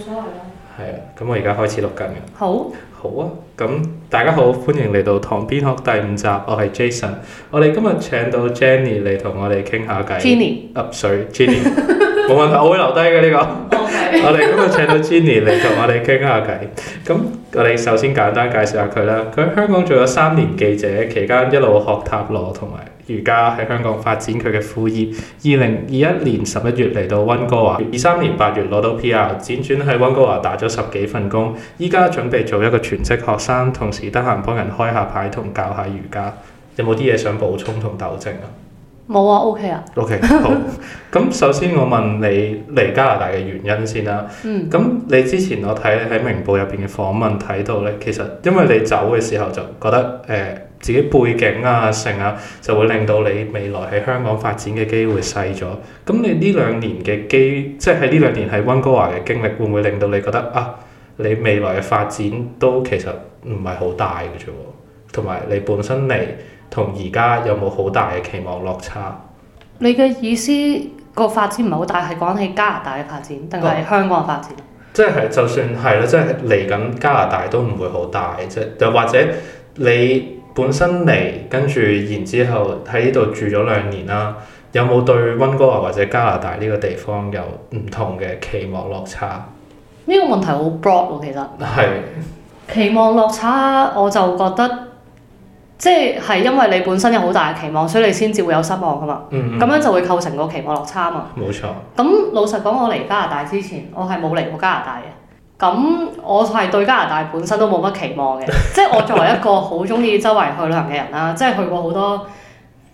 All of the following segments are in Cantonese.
冇係啊，咁我而家開始錄緊嘅。好，好啊。咁大家好，歡迎嚟到塘邊學第五集。我係 Jason，我哋今日請到 Jeannie 嚟同我哋傾下偈。Jeannie，入 ie、嗯、水 Jeannie，冇 問題，我會留低嘅呢個。Okay. 我哋今日請到 Jeannie 嚟同我哋傾下偈。咁我哋首先簡單介紹下佢啦。佢喺香港做咗三年記者，嗯、期間一路學塔羅同埋。瑜伽喺香港發展佢嘅副業。二零二一年十一月嚟到溫哥華，二三年八月攞到 PR，輾轉喺溫哥華打咗十幾份工。依家準備做一個全職學生，同時得閒幫人開下牌同教下瑜伽。有冇啲嘢想補充同糾正啊？冇啊，OK 啊 ？OK，好。咁首先我問你嚟加拿大嘅原因先啦。咁、嗯、你之前我睇喺明報入邊嘅訪問睇到呢，其實因為你走嘅時候就覺得誒。欸自己背景啊、成啊，就會令到你未來喺香港發展嘅機會細咗。咁你呢兩年嘅機，即係喺呢兩年喺温哥華嘅經歷，會唔會令到你覺得啊？你未來嘅發展都其實唔係好大嘅啫，同埋你本身嚟同而家有冇好大嘅期望落差？你嘅意思、個發展唔係好大，係講起加拿大嘅發展定係香港嘅發展？發展哦、即係就算係啦，即係嚟緊加拿大都唔會好大啫，又或者你。本身嚟跟住然之後喺呢度住咗兩年啦，有冇對温哥華或者加拿大呢個地方有唔同嘅期望落差？呢個問題好 broad 喎，其實。係。期望落差，我就覺得即係因為你本身有好大嘅期望，所以你先至會有失望㗎嘛。嗯，嗯。咁樣就會構成個期望落差嘛。冇錯。咁老實講，我嚟加拿大之前，我係冇嚟過加拿大嘅。咁我係對加拿大本身都冇乜期望嘅，即係我作為一個好中意周圍去旅行嘅人啦，即係去過好多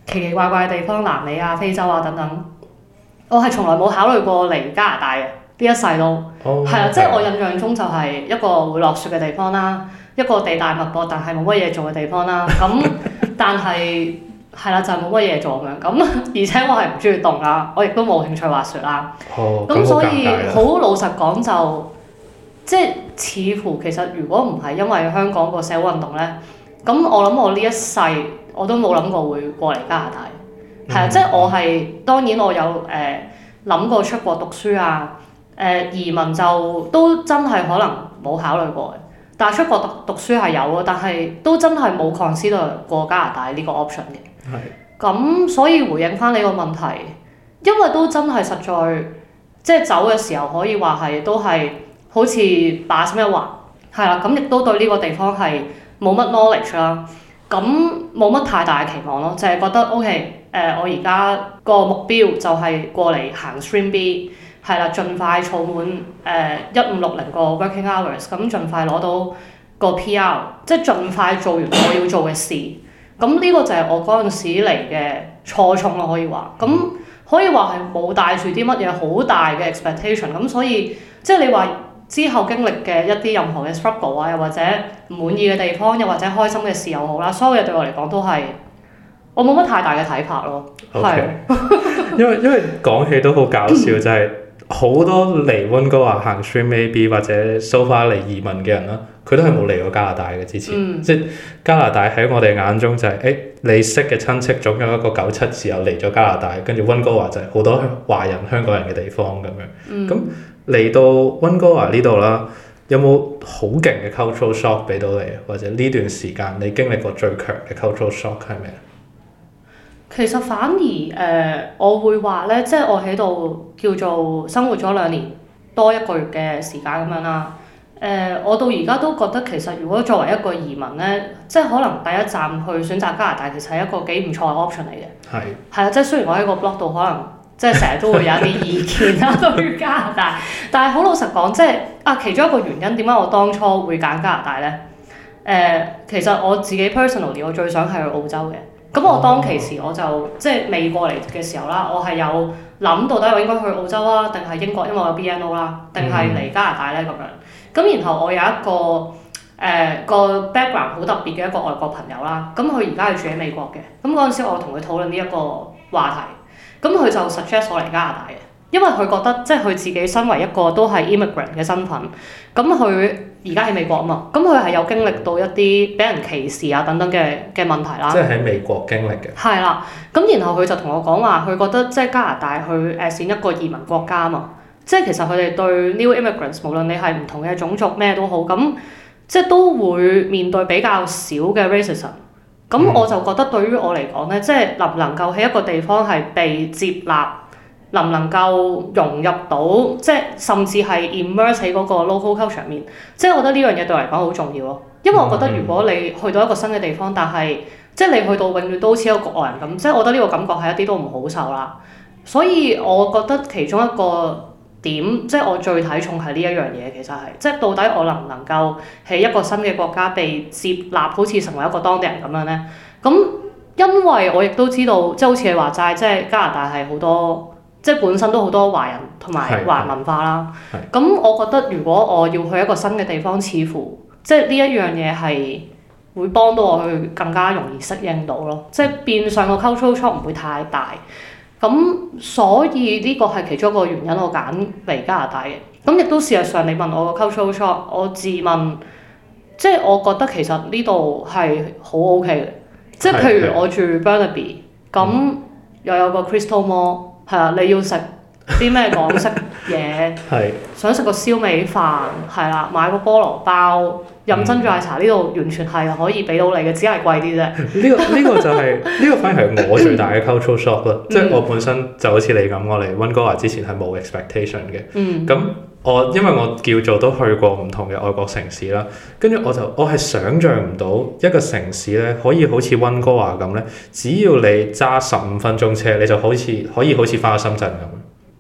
奇奇怪怪嘅地方，南美啊、非洲啊等等，我係從來冇考慮過嚟加拿大嘅，邊一世都係啊，即係、oh, 就係我印象中就係一個會落雪嘅地方啦，一個地大物博但係冇乜嘢做嘅地方啦。咁但係係啦，就係冇乜嘢做咁樣。咁而且我係唔中意凍啊，我亦都冇興趣滑雪啦。咁所以好老實講就。即係似乎其實如果唔係因為香港個社會運動咧，咁我諗我呢一世我都冇諗過會過嚟加拿大，係啊、嗯！即係我係當然我有誒諗、呃、過出國讀書啊，誒、呃、移民就都真係可能冇考慮過，但係出國讀讀書係有啊，但係都真係冇 consider 過加拿大呢個 option 嘅。係。咁所以回應翻你個問題，因為都真係實在，即係走嘅時候可以話係都係。好似把心一橫係啦，咁亦都對呢個地方係冇乜 knowledge 啦，咁冇乜太大嘅期望咯，就係、是、覺得 O.K. 誒、呃，我而家個目標就係過嚟行 Stream B 係啦，盡快儲滿誒一五六零個 working hours，咁盡快攞到個 P.R.，即係盡快做完我要做嘅事。咁呢 個就係我嗰陣時嚟嘅初衷咯，可以話。咁可以話係冇帶住啲乜嘢好大嘅 expectation，咁所以即係你話。之後經歷嘅一啲任何嘅 struggle 啊，又或者唔滿意嘅地方，又或者開心嘅事又好啦，所有嘢對我嚟講都係我冇乜太大嘅睇法咯。係，因為因為講起都好搞笑， 就係、是、好多嚟温哥華行 stream A maybe 或者 so far 嚟移民嘅人啦。佢都係冇嚟過加拿大嘅之前，嗯、即係加拿大喺我哋眼中就係、是、誒、欸、你識嘅親戚總有一個九七時候嚟咗加拿大，跟住温哥華就係好多華人、嗯、香港人嘅地方咁樣。咁嚟到温哥華呢度啦，有冇好勁嘅 cultural shock 俾到你？或者呢段時間你經歷過最強嘅 cultural shock 係咩？其實反而誒、呃，我會話咧，即係我喺度叫做生活咗兩年多一個月嘅時間咁樣啦。誒、呃，我到而家都覺得其實，如果作為一個移民咧，即係可能第一站去選擇加拿大，其實係一個幾唔錯嘅 option 嚟嘅。係是。啊，即係雖然我喺個 blog 度可能即係成日都會有一啲意見啦，對於加拿大。但係好老實講，即係啊，其中一個原因點解我當初會揀加拿大咧？誒、呃，其實我自己 personally 我最想係去澳洲嘅。咁我當其時我就、哦、即係未過嚟嘅時候啦，我係有諗到到底我應該去澳洲啊，定係英國，因為我有 BNO 啦，定係嚟加拿大咧咁樣。嗯咁然後我有一個誒、呃、個 background 好特別嘅一個外國朋友啦，咁佢而家係住喺美國嘅，咁嗰陣時我同佢討論呢一個話題，咁、嗯、佢就 suggest 我嚟加拿大嘅，因為佢覺得即係佢自己身為一個都係 immigrant 嘅身份，咁佢而家喺美國啊嘛，咁佢係有經歷到一啲俾人歧視啊等等嘅嘅問題啦。即係喺美國經歷嘅。係啦，咁、嗯、然後佢就同我講話，佢覺得即係加拿大佢誒選一個移民國家啊嘛。即係其實佢哋對 new immigrants，無論你係唔同嘅種族咩都好，咁即係都會面對比較少嘅 racism。咁、嗯、我就覺得對於我嚟講咧，即係能唔能夠喺一個地方係被接納，能唔能夠融入到，即係甚至係 immerse 喺嗰個 local culture 面，即係我覺得呢樣嘢對我嚟講好重要咯。因為我覺得如果你去到一個新嘅地方，但係即係你去到永遠都似一個國外人咁，即係我覺得呢個感覺係一啲都唔好受啦。所以我覺得其中一個。點即係我最睇重係呢一樣嘢，其實係即係到底我能唔能夠喺一個新嘅國家被接納，好似成為一個當地人咁樣呢？咁因為我亦都知道，即係好似你話齋，即係加拿大係好多，即係本身都好多華人同埋華人文化啦。咁的我覺得如果我要去一個新嘅地方，似乎即係呢一樣嘢係會幫到我去更加容易適應到咯，即係變相個溝粗粗唔會太大。咁所以呢個係其中一個原因，我揀嚟加拿大嘅。咁亦都事實上，你問我個 culture shock，我自問，即係我覺得其實呢度係好 OK 嘅。即係譬如我住 Burnaby，咁又有個 Crystal Mall，係啊，你要食啲咩 港式嘢，是想食個燒味飯，係啦，買個菠蘿包，嗯、飲珍珠奶茶呢度完全係可以俾到你嘅，嗯、只係貴啲啫。呢、這個呢、這個就係、是、呢 個，反而係我最大嘅 culture shock 啦。即係、嗯、我本身就好似你咁，我嚟溫哥華之前係冇 expectation 嘅。咁、嗯、我因為我叫做都去過唔同嘅外國城市啦，跟住我就、嗯、我係想象唔到一個城市咧可以好似溫哥華咁咧，只要你揸十五分鐘車，你就好似可以好似翻去深圳咁。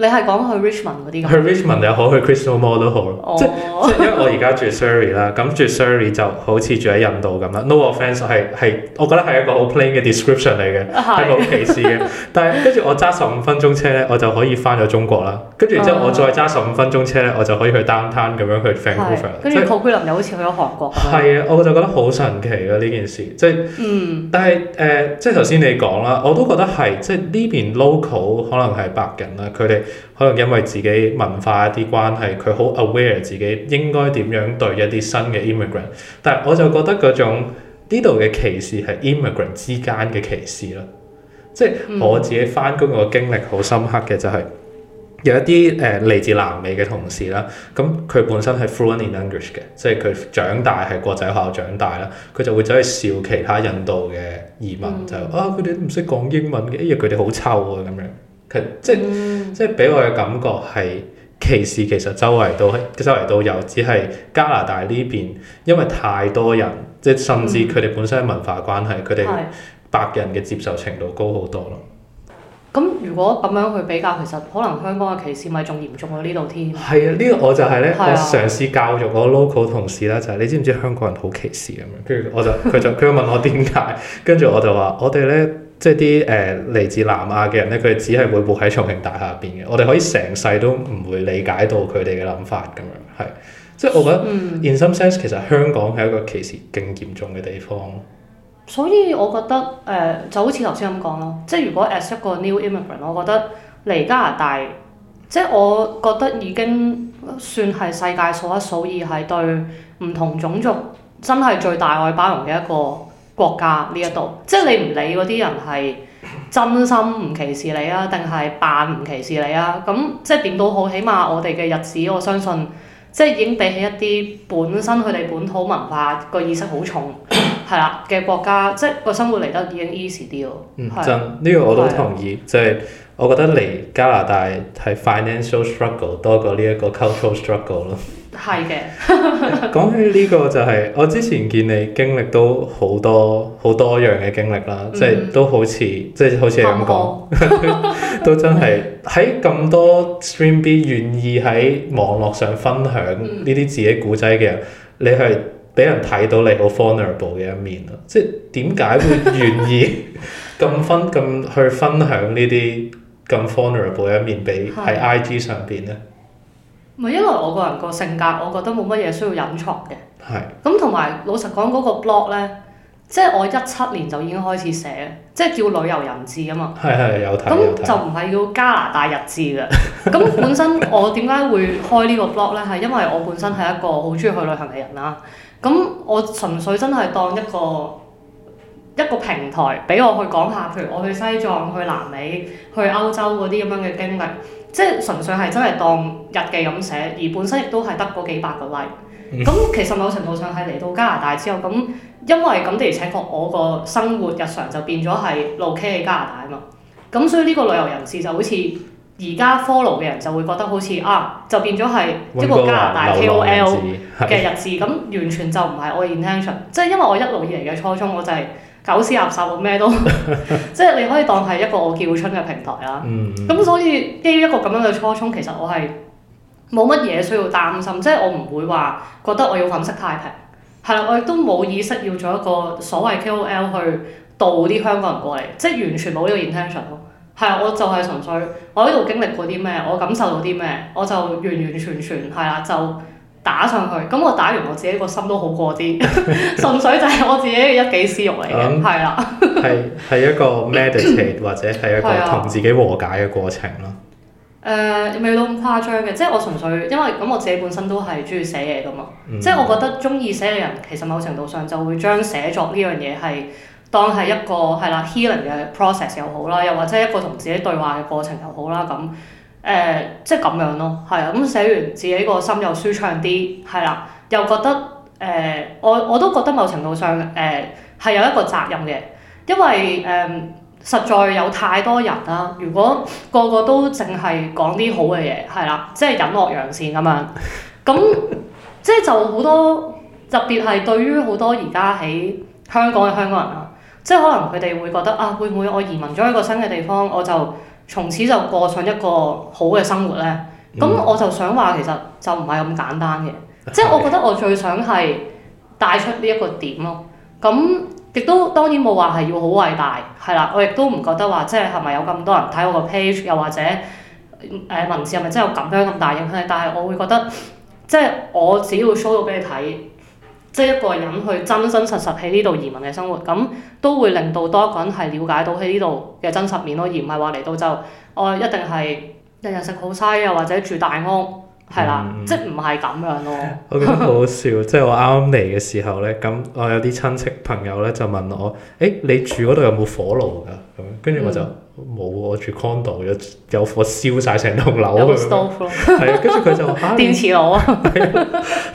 你係講去 Richmond 嗰啲去 Richmond 又好，去 Crystal Mall 都好。Oh. 即係因為我而家住 Surrey 啦，咁住 Surrey 就好似住喺印度咁啦。No offence 係係，我覺得係一個好 plain 嘅 description 嚟嘅，係好 歧視嘅。但係跟住我揸十五分鐘車咧，我就可以翻咗中國啦。跟住之後我再揸十五分鐘車咧，我就可以去 Downtown 咁樣去 Vancouver 啦，跟住 Coquitlam 又好似去咗韓國。係啊，我就覺得好神奇咯、啊、呢件事，即、就、係、是，mm. 但係誒、呃，即係頭先你講啦，我都覺得係，即係呢邊 local 可能係白人啦，佢哋。可能因為自己文化一啲關係，佢好 aware 自己應該點樣對一啲新嘅 immigrant，但係我就覺得嗰種呢度嘅歧視係 immigrant 之間嘅歧視啦。即係我自己翻工個經歷好深刻嘅就係、是、有一啲誒嚟自南美嘅同事啦，咁佢本身係 fluent in language 嘅，即係佢長大係國際學校長大啦，佢就會走去笑其他印度嘅移民就，啊佢哋都唔識講英文嘅，因為佢哋好臭啊咁樣。即係、嗯、即係俾我嘅感覺係歧視，其實周圍都周圍都有，只係加拿大呢邊因為太多人，即係甚至佢哋本身嘅文化關係，佢哋、嗯、白人嘅接受程度高好多咯。咁、嗯、如果咁樣去比較，其實可能香港嘅歧視咪仲嚴重過呢度添？係啊，呢、呢個我就係咧，啊、我嘗試教育我 local 同事啦，就係、係、你知唔知香港人好歧視咁樣？跟住我就佢就佢問我點解，跟住 我就話我哋咧。即係啲誒嚟自南亞嘅人咧，佢哋只係會活喺重慶大廈入邊嘅。我哋可以成世都唔會理解到佢哋嘅諗法咁樣，係。即係我覺得、嗯、in some sense 其實香港係一個歧視更嚴重嘅地方。所以我覺得誒、呃、就好似頭先咁講咯，即係如果 as 一個 new immigrant，我覺得嚟加拿大，即係我覺得已經算係世界數一數二係對唔同種族真係最大愛包容嘅一個。國家呢一度，即係你唔理嗰啲人係真心唔歧視你啊，定係扮唔歧視你啊？咁即係點都好，起碼我哋嘅日子，我相信即係已經比起一啲本身佢哋本土文化個意識好重係啦嘅國家，即係個生活嚟得已經 easy 啲咯。嗯、是真呢、呢個我都同意，即係是我覺得嚟加拿大係 financial struggle 多過呢一個 cultural struggle 咯。係嘅。是 講起呢個就係，我之前見你經歷都好多好多樣嘅經歷啦、嗯，即係都好似即係好似你咁講，嗯、 都真係喺咁多 stream b 願意喺網絡上分享呢啲自己古仔嘅人，嗯、你係俾人睇到你好 vulnerable 嘅一面咯。即係點解會願意咁分咁去分享呢啲咁 vulnerable 嘅一面俾喺 IG 上邊呢？咪因為我個人個性格，我覺得冇乜嘢需要隱藏嘅。咁同埋老實講嗰、那個 blog 咧，即係我一七年就已經開始寫，即係叫旅遊人誌啊嘛。咁就唔係叫加拿大日誌啦。咁 本身我點解會開個呢個 blog 咧？係因為我本身係一個好中意去旅行嘅人啦。咁我純粹真係當一個一個平台，俾我去講下，譬如我去西藏、去南美、去歐洲嗰啲咁樣嘅經歷。即係純粹係真係當日記咁寫，而本身亦都係得嗰幾百個 like。咁 其實某程度上係嚟到加拿大之後，咁因為咁，而且個我個生活日常就變咗係露 K 喺加拿大啊嘛。咁所以呢個旅遊人士就好似而家 follow 嘅人就會覺得好似啊，就變咗係一個加拿大 KOL 嘅日子。咁 完全就唔係我 intention， 即係因為我一路以嚟嘅初衷我就係、係。狗屎垃圾，咩都 即係你可以當係一個我叫春嘅平台啦。咁 所以基於一個咁樣嘅初衷，其實我係冇乜嘢需要擔心，即係我唔會話覺得我要粉飾太平，係啦，我亦都冇意識要做一個所謂 KOL 去導啲香港人過嚟，即係完全冇呢個 intention 咯。係啊，我就係純粹我喺度經歷過啲咩，我感受到啲咩，我就完完全全係啦就。打上去，咁我打完我自己個心都好過啲， 純粹就係我自己嘅一己私欲嚟嘅，係啦。係係一個 meditate 或者係一個同自己和解嘅過程咯。誒、 呃，未到咁誇張嘅，即係我純粹因為咁我自己本身都係中意寫嘢噶嘛， 即係我覺得中意寫嘅人其實某程度上就會將寫作呢樣嘢係當係一個係啦 healing 嘅 process 又好啦，又或者一個同自己對話嘅過程又好啦咁。誒、呃，即係咁樣咯，係啊，咁寫完自己個心又舒暢啲，係啦，又覺得誒、呃，我我都覺得某程度上誒係、呃、有一個責任嘅，因為誒、呃、實在有太多人啦、啊，如果個個都淨係講啲好嘅嘢，係啦，即係隱惡揚善咁樣，咁即係就好多特別係對於好多而家喺香港嘅香港人啊，即係可能佢哋會覺得啊，會唔會我移民咗一個新嘅地方我就？從此就過上一個好嘅生活咧，咁、嗯、我就想話其實就唔係咁簡單嘅，即係的我覺得我最想係帶出呢一個點咯。咁亦都當然冇話係要好偉大，係啦，我亦都唔覺得話即係係咪有咁多人睇我個 page，又或者誒、呃、文字係咪真係有咁樣咁大影響力？但係我會覺得即係、就是、我只要 show 到俾你睇。即係一個人去真真實實喺呢度移民嘅生活，咁都會令到多一個人係了解到喺呢度嘅真實面咯，而唔係話嚟到就我、哦、一定係日日食好嘥，又或者住大屋，係啦，嗯嗯、即係唔係咁樣咯。我覺得好好笑， 即係我啱啱嚟嘅時候呢，咁我有啲親戚朋友呢，就問我：誒、欸，你住嗰度有冇火爐㗎？咁跟住我就，嗯冇喎、啊，住 condo 有有火燒晒成棟樓。係啊，跟住佢就話 電磁爐樓啊、 哎，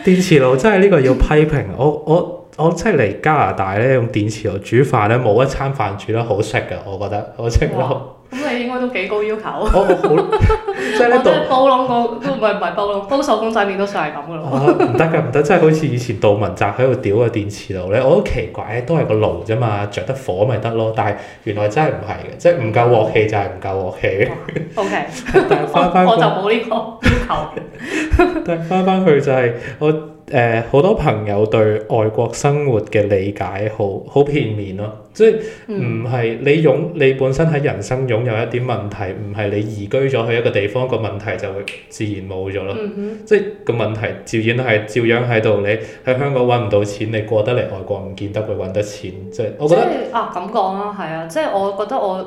電磁爐真係呢個要批評，我我。我即係嚟加拿大咧，用電磁爐煮飯咧，冇一餐飯煮得好食嘅，我覺得。我食係冇。咁 你應該都幾高要求、 哦。我即我即係呢度。煲㶶公，都唔係唔係煲㶶，煲手工仔麵都算係咁嘅咯。唔得噶，唔得！即係好似以前杜汶澤喺度屌個電磁爐咧，我好奇怪都係個爐啫嘛，着得火咪得咯。但係原來真係唔係嘅，即係唔夠鑊氣就係唔夠鑊氣。O K。翻翻工我就冇呢、呢個要求。 但係翻翻去就係、是、我誒好、呃、多朋友對外國生活嘅理解好好片面咯，嗯、即係唔係你擁你本身喺人生擁有一啲問題，唔係你移居咗去一個地方、個問題就會自然冇咗咯。嗯、哼即係個問題，照然係照樣喺度。你喺香港揾唔到錢，你過得嚟外國唔見得佢揾得錢。即係我覺得啊咁講咯，係啊，即係我覺得我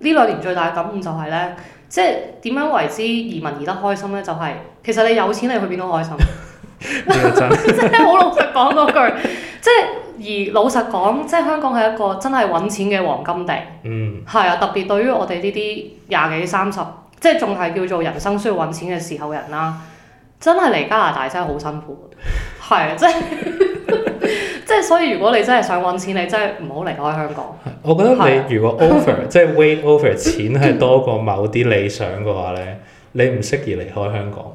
呢兩年最大嘅感悟就係、是、咧。即係點樣為之移民移得開心呢？就係、是、其實你有錢你去邊都開心， 真 即係好老實講嗰句。即係而老實講，即係香港係一個真係揾錢嘅黃金地。嗯，係啊，特別對於我哋呢啲廿幾三十，即係仲係叫做人生需要揾錢嘅時候嘅人啦，真係嚟加拿大真係好辛苦，係啊，即係。 即係所以，如果你真係想揾錢，你真係唔好離開香港。我覺得你如果 over 即係 wait over，錢係多過某啲理想嘅話咧，你唔適宜離開香港。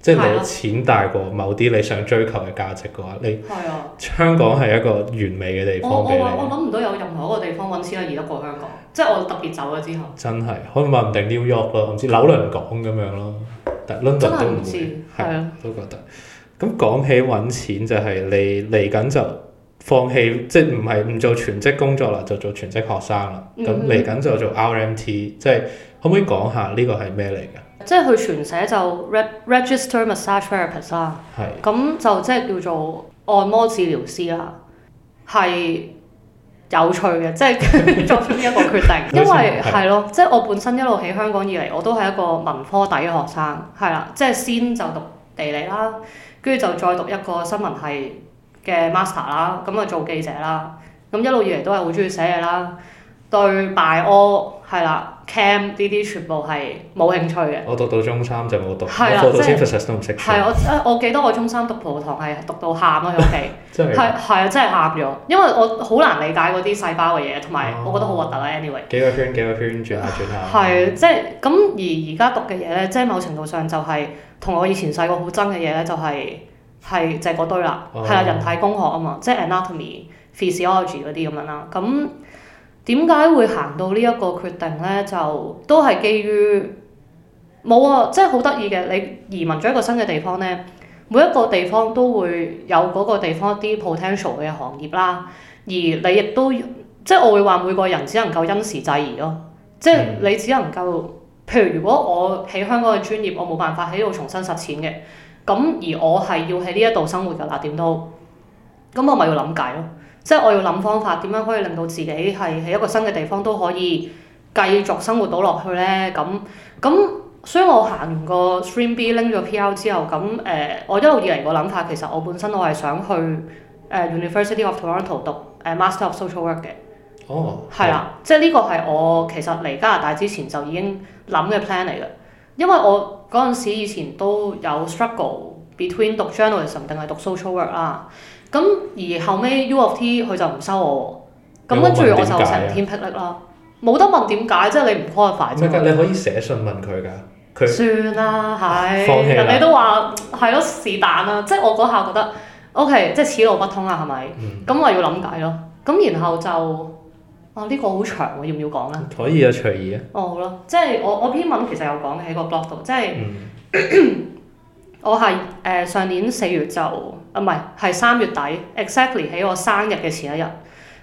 即係你果錢大過某啲你想追求嘅價值嘅話，你、啊、香港係一個完美嘅地方。我我諗唔到有任何一個地方揾錢易得過香港。即係我特別走咗之後，真係可能問唔定 New York 咯，唔知紐倫港咁樣咯，但 London 都唔知係啊，都覺得。咁講起揾錢就係你嚟緊就。放棄即係唔係唔做全職工作啦，就做全職學生啦。咁嚟緊就做 RMT，即係可唔可以講下呢個係咩嚟嘅？即係佢全寫就 Register Massage Therapist 啦，咁是就即係叫做按摩治療師啦，係有趣嘅，即係作 出呢一個決定。 因為係咯的，即係我本身一路喺香港以嚟，我都係一個文科底嘅學生，係啦，即係先就讀地理啦，跟住就再讀一個新聞系。嘅 master 啦，咁啊做記者啦，咁一路以嚟都係好中意寫嘢啦，對 bio 係啦 cam 呢啲全部係冇興趣嘅。我讀到中三就冇讀，的我課堂 prefix 都唔識。我我記得我中三讀葡萄糖係讀到喊咯，喺屋企，係係啊，真係喊咗，因為我好難理解嗰啲細胞嘅嘢，同埋我覺得好核突啦。anyway 幾個圈幾個圈轉下轉下，係即係咁而而家讀嘅嘢呢，即係某程度上就係、是、同我以前細個好憎嘅嘢呢，就係、是。係就係、是、嗰堆啦，係啊、哦，人體工學啊嘛，即係 anatomy、physiology 嗰啲咁樣啦。咁點解會行到呢一個決定咧？就都係基於冇啊，即係好得意嘅。你移民咗一個新嘅地方咧，每一個地方都會有嗰個地方一啲 potential 嘅行業啦。而你亦都即係我會話每個人只能夠因時制宜咯。即係你只能夠，嗯、譬如如果我喺香港嘅專業，我冇辦法喺度重新實踐嘅。咁而我係要喺呢一度生活㗎啦，點都，咁我咪要諗計咯，即係我要諗方法，點樣可以令到自己係喺一個新嘅地方都可以繼續生活到落去呢。咁咁，所以我行完個 Stream B 拎咗 PR 之後，咁誒、呃，我一路以嚟個諗法其實我本身我係想去、呃、University of Toronto 讀、呃、Master of Social Work 嘅。哦。係啦的，哦、即係呢個係我其實嚟加拿大之前就已經諗嘅 plan 嚟嘅。因為我嗰陣時以前都有 struggle between 讀 journalism 定係讀 social work 啦，咁而後尾 U of T 佢就唔收我，咁跟住我就晴天霹靂啦，冇得問點解，即係你唔 qualify。點解你，你可以寫信問佢㗎？算啦，係人哋都話係咯，是但啦 了，即係我嗰下覺得 OK，即係此路不通啊，係咪？咁、嗯、我又要諗計咯，咁然後就。啊！呢、哦呢個好長喎，要唔要講咧？可以啊，隨意啊。哦，好啦，即係我我篇文其實有講喺個 blog 度，即係、嗯、 我係誒、呃、上年四月就啊唔係係三月底，exactly 喺我生日嘅前一日。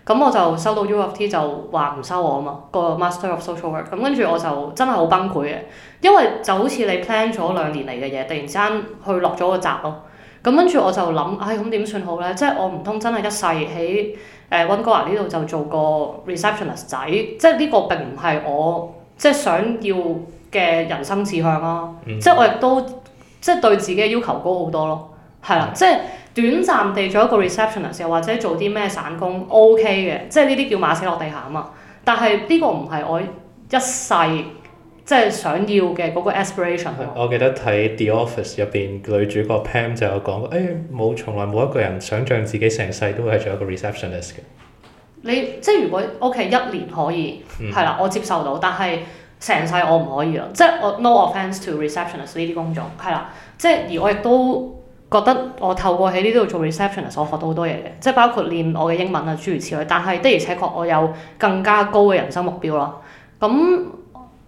咁我就收到 UFT 就話唔收我啊嘛，個 master of social work。咁跟住我就真係好崩潰嘅，因為就好似你 plan 咗兩年嚟嘅嘢，突然之間去落咗個閘咯。咁跟住我就諗，唉咁點算好咧？即係我唔通真係一世喺～誒溫、呃、哥華呢度就做個 receptionist 仔，即係呢個並唔係我即係、就是、想要嘅人生志向啊！即係、嗯、我亦都即係、就是、對自己嘅要求高好多咯，係啦、嗯，即係短暫地做一個 receptionist，又或者做啲咩散工 OK 嘅，即係呢啲叫馬死落地行啊嘛！但係呢個唔係我一世。即係想要嘅嗰個 aspiration 去。我記得睇 The Office 入邊女主角 Pam 就有講過，誒、哎、冇從來冇一個人想像自己成世都會係做一個 receptionist 嘅。你即係如果 OK 一年可以，係啦、嗯，我接受到，但係成世我唔可以啦。即係我 no offense to receptionist 呢啲工種，係啦。即係而我亦都覺得我透過喺呢度做 receptionist，我學到好多嘢嘅。即係包括練我嘅英文啊，諸如此類。但係的而且確，我有更加高嘅人生目標啦。咁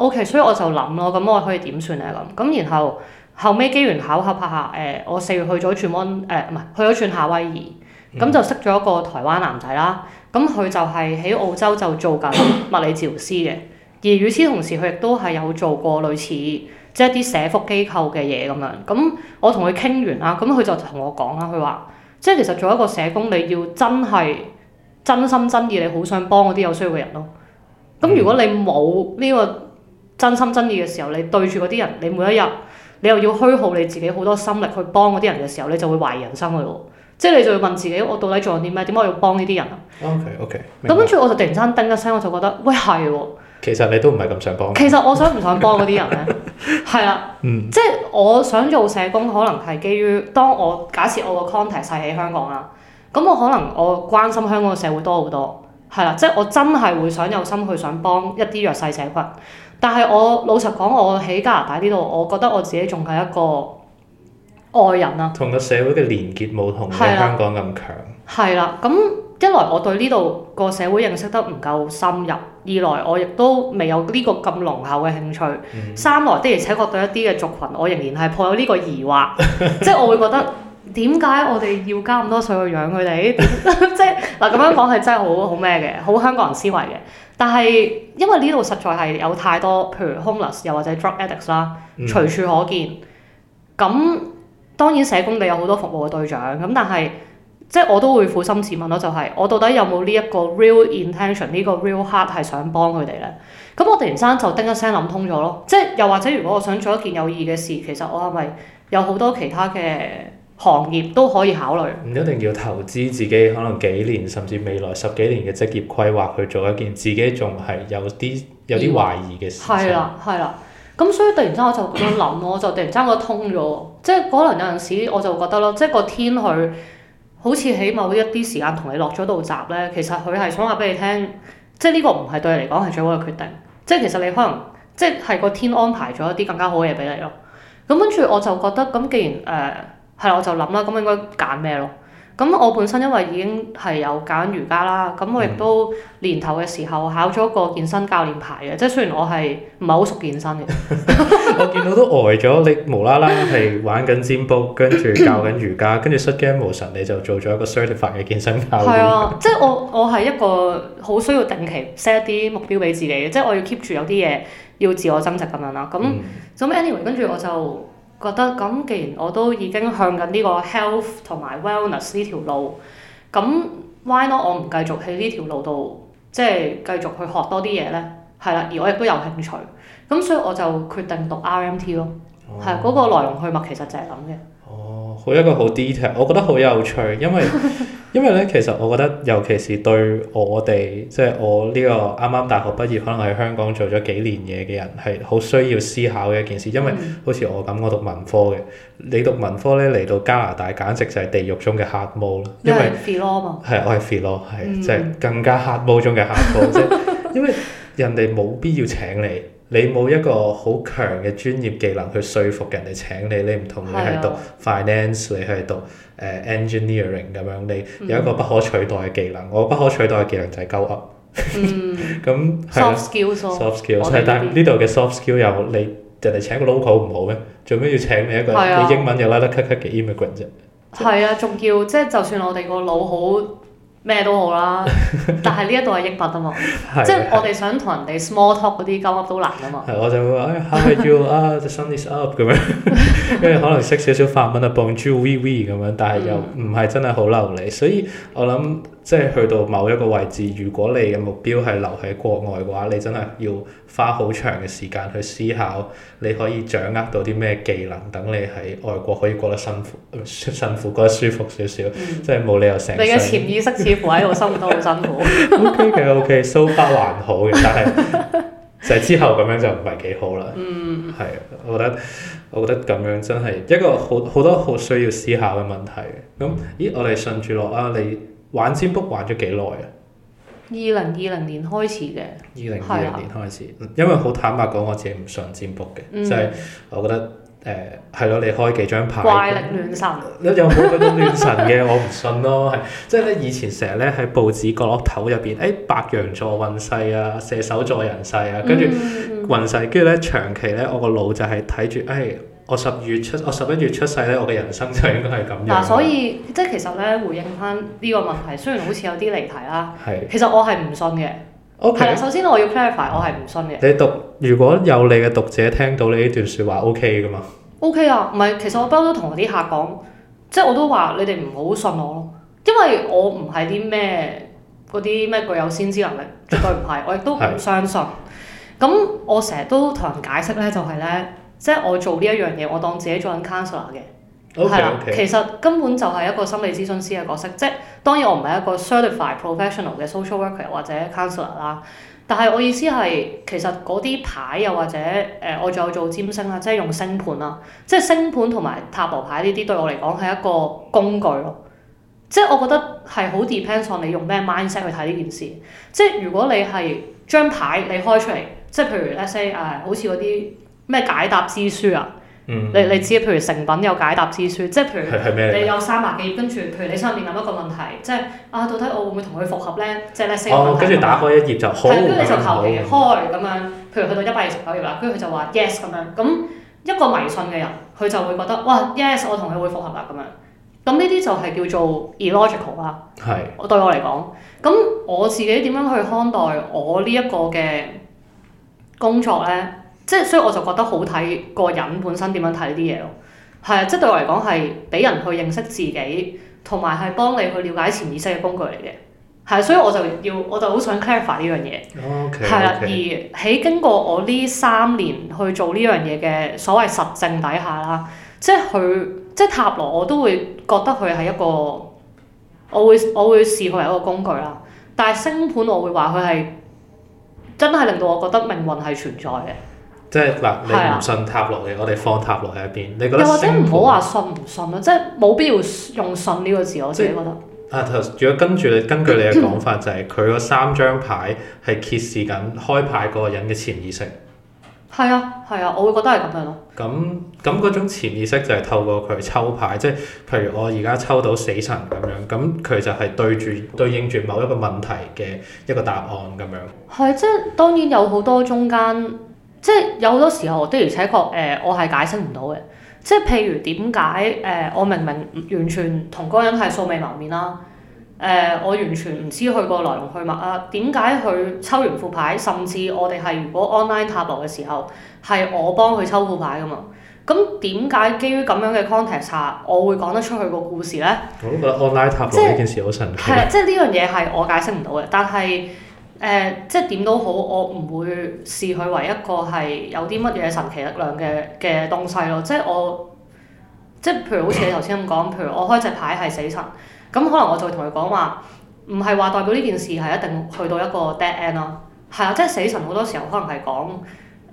O.K.，所以我就諗咯，咁我可以點算咧，咁咁。然後後尾機緣巧合下，誒，我四月去咗轉溫誒，唔係去咗轉夏威夷，咁就識咗一個台灣男仔啦。咁佢就係喺澳洲就做緊物理治療師嘅，而與此同時，佢亦都係有做過類似即係啲社福機構嘅嘢咁樣。咁我同佢傾完啦，咁佢就同我講啦，佢話即係其實做一個社工，你要真係真心真意，你好想幫嗰啲有需要嘅人咯。咁如果你冇呢個。真心真意嘅時候，你對住嗰啲人，你每一日你又要虛耗你自己好多心力去幫嗰啲人嘅時候，你就會懷疑人生嘅喎，即係你就會問自己，我到底做緊啲咩？點解我要幫呢啲人啊？OK OK，咁跟住我就突然間叮一聲，我就覺得喂係喎。其實你都唔係咁想幫。其實我想唔想幫嗰啲人咧？係啦，即係我想做社工，可能係基於當我假設我個 contact 係喺香港啦，咁我可能我關心香港嘅社會多好多，係啦，即係我真係會想有心去想幫一啲弱勢社群。但係我老實講，我喺加拿大呢度，我覺得我自己仲係一個外人啊。同個社會嘅連結冇同香港咁強。係啦、啊，咁、啊、一來我對呢度個社會認識得唔夠深入，二來我亦都未有呢個咁濃厚嘅興趣，嗯、三來的而且確對一啲嘅族群，我仍然係抱有呢個疑惑， 即係我會覺得點解我哋要交咁多稅去養佢哋？ 即係嗱咁樣講係真係好好咩嘅，好香港人思維嘅。但係，因為呢度實在係有太多，譬如 homeless 又或者 drug addicts 啦，隨處可見。咁、嗯、當然社工哋有好多服務嘅對象，咁但係即係我都會捫心自問咯、就係，就係我到底有冇呢一個 real intention，呢個 real heart 係想幫佢哋咧？咁我突然間就叮一聲諗通咗咯，即係又或者如果我想做一件有意嘅事，其實我係咪有好多其他嘅行業都可以考慮，唔一定要投資自己，可能幾年甚至未來十幾年嘅職業規劃去做一件自己仲係有啲有啲懷疑嘅事情。係啦、嗯，係啦，咁所以突然間我就咁樣諗咯， 我就突然間覺得通咗，即係可能有陣時我就覺得咯，即係個天佢好似喺某一啲時間同你落咗道閘咧，其實佢係想話俾你聽，即係呢個唔係對你嚟講係最好嘅決定，即係其實你可能即係個天安排咗一啲更加好嘅嘢俾你咯。咁跟住我就覺得，咁既然誒。呃係，我就諗啦，咁應該揀咩咯？咁我本身因為已經係有教瑜伽啦，咁我亦都年頭嘅時候考咗個健身教練牌嘅，即係雖然我係唔係好熟健身嘅。 我見到都呆咗，你無啦啦係玩緊占卜，跟住教緊瑜伽，跟住失驚無神你就做咗一個 certified 嘅健身教練。係啊的， 即係我我係一個好需要定期 set 一啲目標俾自己嘅，即係我要 keep 住有啲嘢要自我增值咁樣啦。咁咁 anyway，跟住我就。覺得咁，既然我都已經向緊呢個 health 同埋 wellness 呢條路，咁 why not 我唔繼續喺呢條路度，即係繼續去學多啲嘢咧？係啦，而我亦都有興趣，咁所以我就決定讀 RMT 咯。係嗰、oh. 嗰個來龍去脈其實就係咁嘅。好一個好 detail，我覺得好有趣，因為因為咧，其實我覺得，尤其是對我哋，即係我呢個啱啱大學畢業，可能喺香港做咗幾年嘢嘅人，係好需要思考嘅一件事。因為好似我咁，我讀文科嘅，你讀文科咧，嚟到加拿大，簡直就係地獄中嘅黑魔咯。因為 f 係我係 filo，係即係更加黑魔中嘅黑魔。即係因為人哋冇必要請你。你冇一個好強嘅專業技能去説服人哋請你，你唔同你去讀 finance，啊、你去讀 engineering 咁樣，你有一個不可取代嘅技能。我不可取代嘅技能就係鳩噏。 嗯。咁係啊。Soft, 對 soft skills。So, soft skills 係但呢度嘅 soft skills 又你人哋請個 local 唔好咩？做咩要請你一個？英文又甩得咳咳嘅 immigrant 啫。係啊，仲要即係就算我哋個腦好。咩都好啦，但係呢一度係英法啊嘛，即係 我哋想同人哋 small talk 嗰啲鳩噏都難啊嘛。係，我就會話誒，Hi，how are you 啊，想 this up 咁樣，因為可能識少，少少法文啊，Bonjour we we 咁樣，但係又唔係真係好流利，所以我諗。即係去到某一個位置，如果你嘅目標係留喺國外嘅話，你真係要花好長嘅時間去思考，你可以掌握到啲咩技能，等你喺外國可以過得辛苦，呃、辛苦過得舒服少少，即係冇理由成日。你嘅潛意識似乎喺度生活得好辛苦。O K 嘅 O K，so far 還好嘅，但係就係之後咁樣就唔係幾好啦。嗯，係，我覺得我覺得咁樣真係一個好好多好需要思考嘅問題。咁，咦，我哋順住落啊，你。玩占卜玩咗幾耐啊？二零二零年開始嘅。二零二零年開始，的因為好坦白講，我自己唔信占卜嘅，嗯、就係我覺得誒係咯，你開幾張牌？怪力亂神。嗯、有冇嗰種亂神嘅？ 我唔信咯，即係咧，就係、以前成日咧喺報紙角落頭入邊，誒、哎、白羊座運勢啊，射手座人世啊，跟住運勢，跟住咧長期咧，我個腦就係睇住誒。哎我十月出，我十一月出世咧，我嘅人生就應該係咁樣。嗱、啊，所以即係其實咧，回應翻呢個問題，雖然好似有啲離題啦， 是其實我係唔信嘅。O Okay . K。係啊，首先我要 clarify，我係唔信嘅、啊。你讀如果有你嘅讀者聽到你呢段説話，O K 嘅嘛？O K 啊，唔係、okay，其實我不嬲都同我啲客講，即係我都話你哋唔好信我咯，因為我唔係啲咩嗰啲咩具有先知能力，絕對唔係， 是我亦都唔相信。咁我成日都同人解釋咧，就係、是、咧。即係我做呢一樣嘢，我當自己做緊 counselor 嘅，係啦 Okay, okay.。其實根本就係一個心理諮詢師嘅角色。即係當然我唔係一個 certified professional 嘅 social worker 或者 counselor 啦。但係我意思係，其實嗰啲牌又或者誒、呃，我仲有做尖星啦，即係用星盤啦，即係星盤同埋塔羅牌呢啲對我嚟講係一個工具咯。即係我覺得係好 depends on 你用咩 mindset 去睇呢件事。即係如果你係張牌你開出嚟，即係譬如 let's say 誒、uh,，好似嗰啲。咩解答之書啊？嗯、你你知，譬如成品有解答之書，即係譬如你有三百幾頁，跟住譬如你心入面諗一個問題，即係啊，到底我會唔會同佢復合咧？即係呢四個問題。跟住、哦、打開一頁就開，跟住你就求其開咁樣。譬如去到一百二十九頁啦，跟住佢就話 yes 咁樣。咁一個迷信嘅人，佢就會覺得哇 yes，我同佢會復合啊咁樣。咁呢啲就係叫做 illogical 啦、嗯。係。我對我嚟講，咁我自己點樣去看待我呢一個嘅工作咧？即係所以我就覺得好睇個人本身點樣睇呢啲嘢咯，係啊！即係對我嚟講係俾人去認識自己，同埋係幫你去了解潛意識嘅工具嚟嘅。係啊，所以我就要我就好想 clarify 呢樣嘢，係啦 Okay, okay.。而喺經過我呢三年去做呢樣嘢嘅所謂實證底下啦，即係佢即係塔羅，我都會覺得佢係一個我會我會視佢為一個工具啦。但係星盤，我會話佢係真係令到我覺得命運係存在嘅。即係嗱，你唔信塔羅嘅，啊、我哋放塔羅喺一邊。你覺得又或者唔好話信唔信咯，即係冇必要用信呢個字，即我自己覺得。啊，如果跟住你根據你嘅講法，就係佢嗰三張牌係揭示緊開牌嗰個人嘅潛意識。係啊，係啊，我會覺得係咁樣咯。咁咁嗰種潛意識就係透過佢抽牌，即係譬如我而家抽到死神咁樣，咁佢就係對住對應住某一個問題嘅一個答案咁樣。係、啊，即係當然有好多中間。即係有好多時候的而且確誒、呃，我係解釋唔到嘅。即係譬如點解誒，我明明完全同嗰個人係素未謀面啦，誒、呃，我完全唔知佢個來龍去脈啊。點解佢抽完副牌，甚至我哋係如果 online 塔羅嘅時候，係我幫佢抽副牌噶嘛？咁點解基於咁樣嘅 context 下，我會講得出佢個故事咧？我都覺得 online 塔羅呢件事好即神奇。係啊，即係呢樣嘢係我解釋唔到嘅，但係。誒、呃，即係點都好，我唔會視佢為一個係有啲乜嘢神奇力量嘅嘅東西咯。即係我，即係譬如好似你頭先咁講，譬如我開隻牌係死神，咁可能我就會同佢講話，唔係話代表呢件事係一定去到一個 dead end 咯。係啊，即係死神好多時候可能係講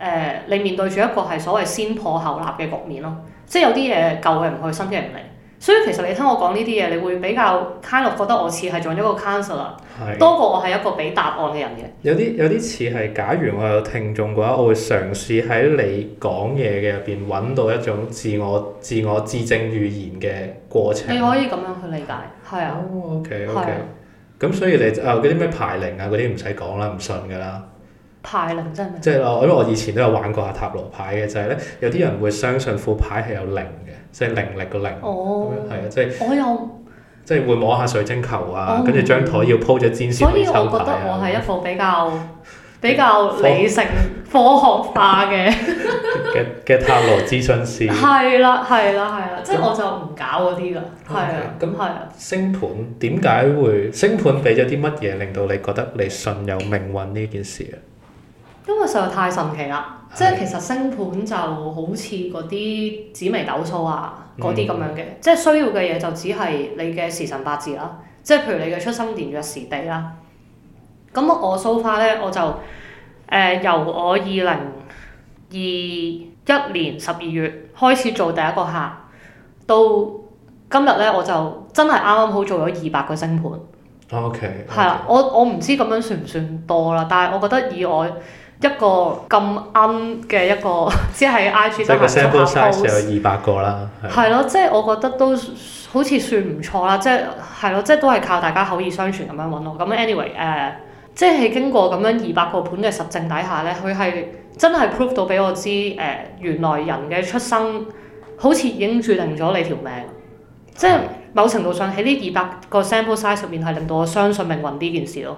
誒，你面對住一個係所謂先破後立嘅局面咯。即係有啲嘢舊嘅唔去，新嘅唔嚟。所以其實你聽我講呢啲嘢，你會比較 kind of 覺得我似係做咗個 counselor 多過我係一個俾答案嘅人嘅。有啲有啲似係，假如我有聽眾嘅話，我會嘗試喺你講嘢嘅入邊揾到一種自我自我自證語言嘅過程。你可以咁樣去理解，係啊。OK OK。咁所以你啊嗰啲咩牌靈啊嗰啲唔使講啦，唔信噶啦。牌靈真係即係我，因為我以前都有玩過下塔羅牌嘅，就係咧有啲人會相信副牌係有靈嘅，即係靈力個靈，咁樣係啊，即係。我又即係會摸下水晶球啊，跟住張枱要鋪咗煎餈去抽牌啊，所以我覺得我係一副比較比較理性科學化嘅嘅塔羅諮詢師。係啦，係啦，係啊，即係我就唔搞嗰啲啦，係啊。咁係啊。星盤？點解會星盤俾咗啲乜嘢令到你覺得你信有命運呢件事啊？因為實在太神奇啦，是即係其實星盤就好似嗰啲紫微斗數啊，嗰啲咁樣嘅，即係需要嘅嘢就只係你嘅時辰八字啦，即係譬如你嘅出生年月時地啦。咁我數下咧，我就誒、呃、由我二零二一年十二月開始做第一個客，到今日咧，我就真係啱啱好做咗二百個星盤。O K。係啦，我我唔知咁樣算唔算多啦，但係我覺得以我。一個咁啱嘅一個 即，即係 I G 底下嘅 post 有二百個啦。係咯，即、就、係、是、我覺得都好似算唔錯啦。即係係咯，即係、就是、都係靠大家口耳相傳咁樣揾咯。咁 anyway 誒、呃，即係經過咁樣二百個盤嘅實證底下咧，佢係真係 prove 到俾我知誒、呃，原來人嘅出生好似已經注定咗你條命。即、就、係、是、某程度上喺呢二百個 sample size 入面係令到我相信命運呢件事咯。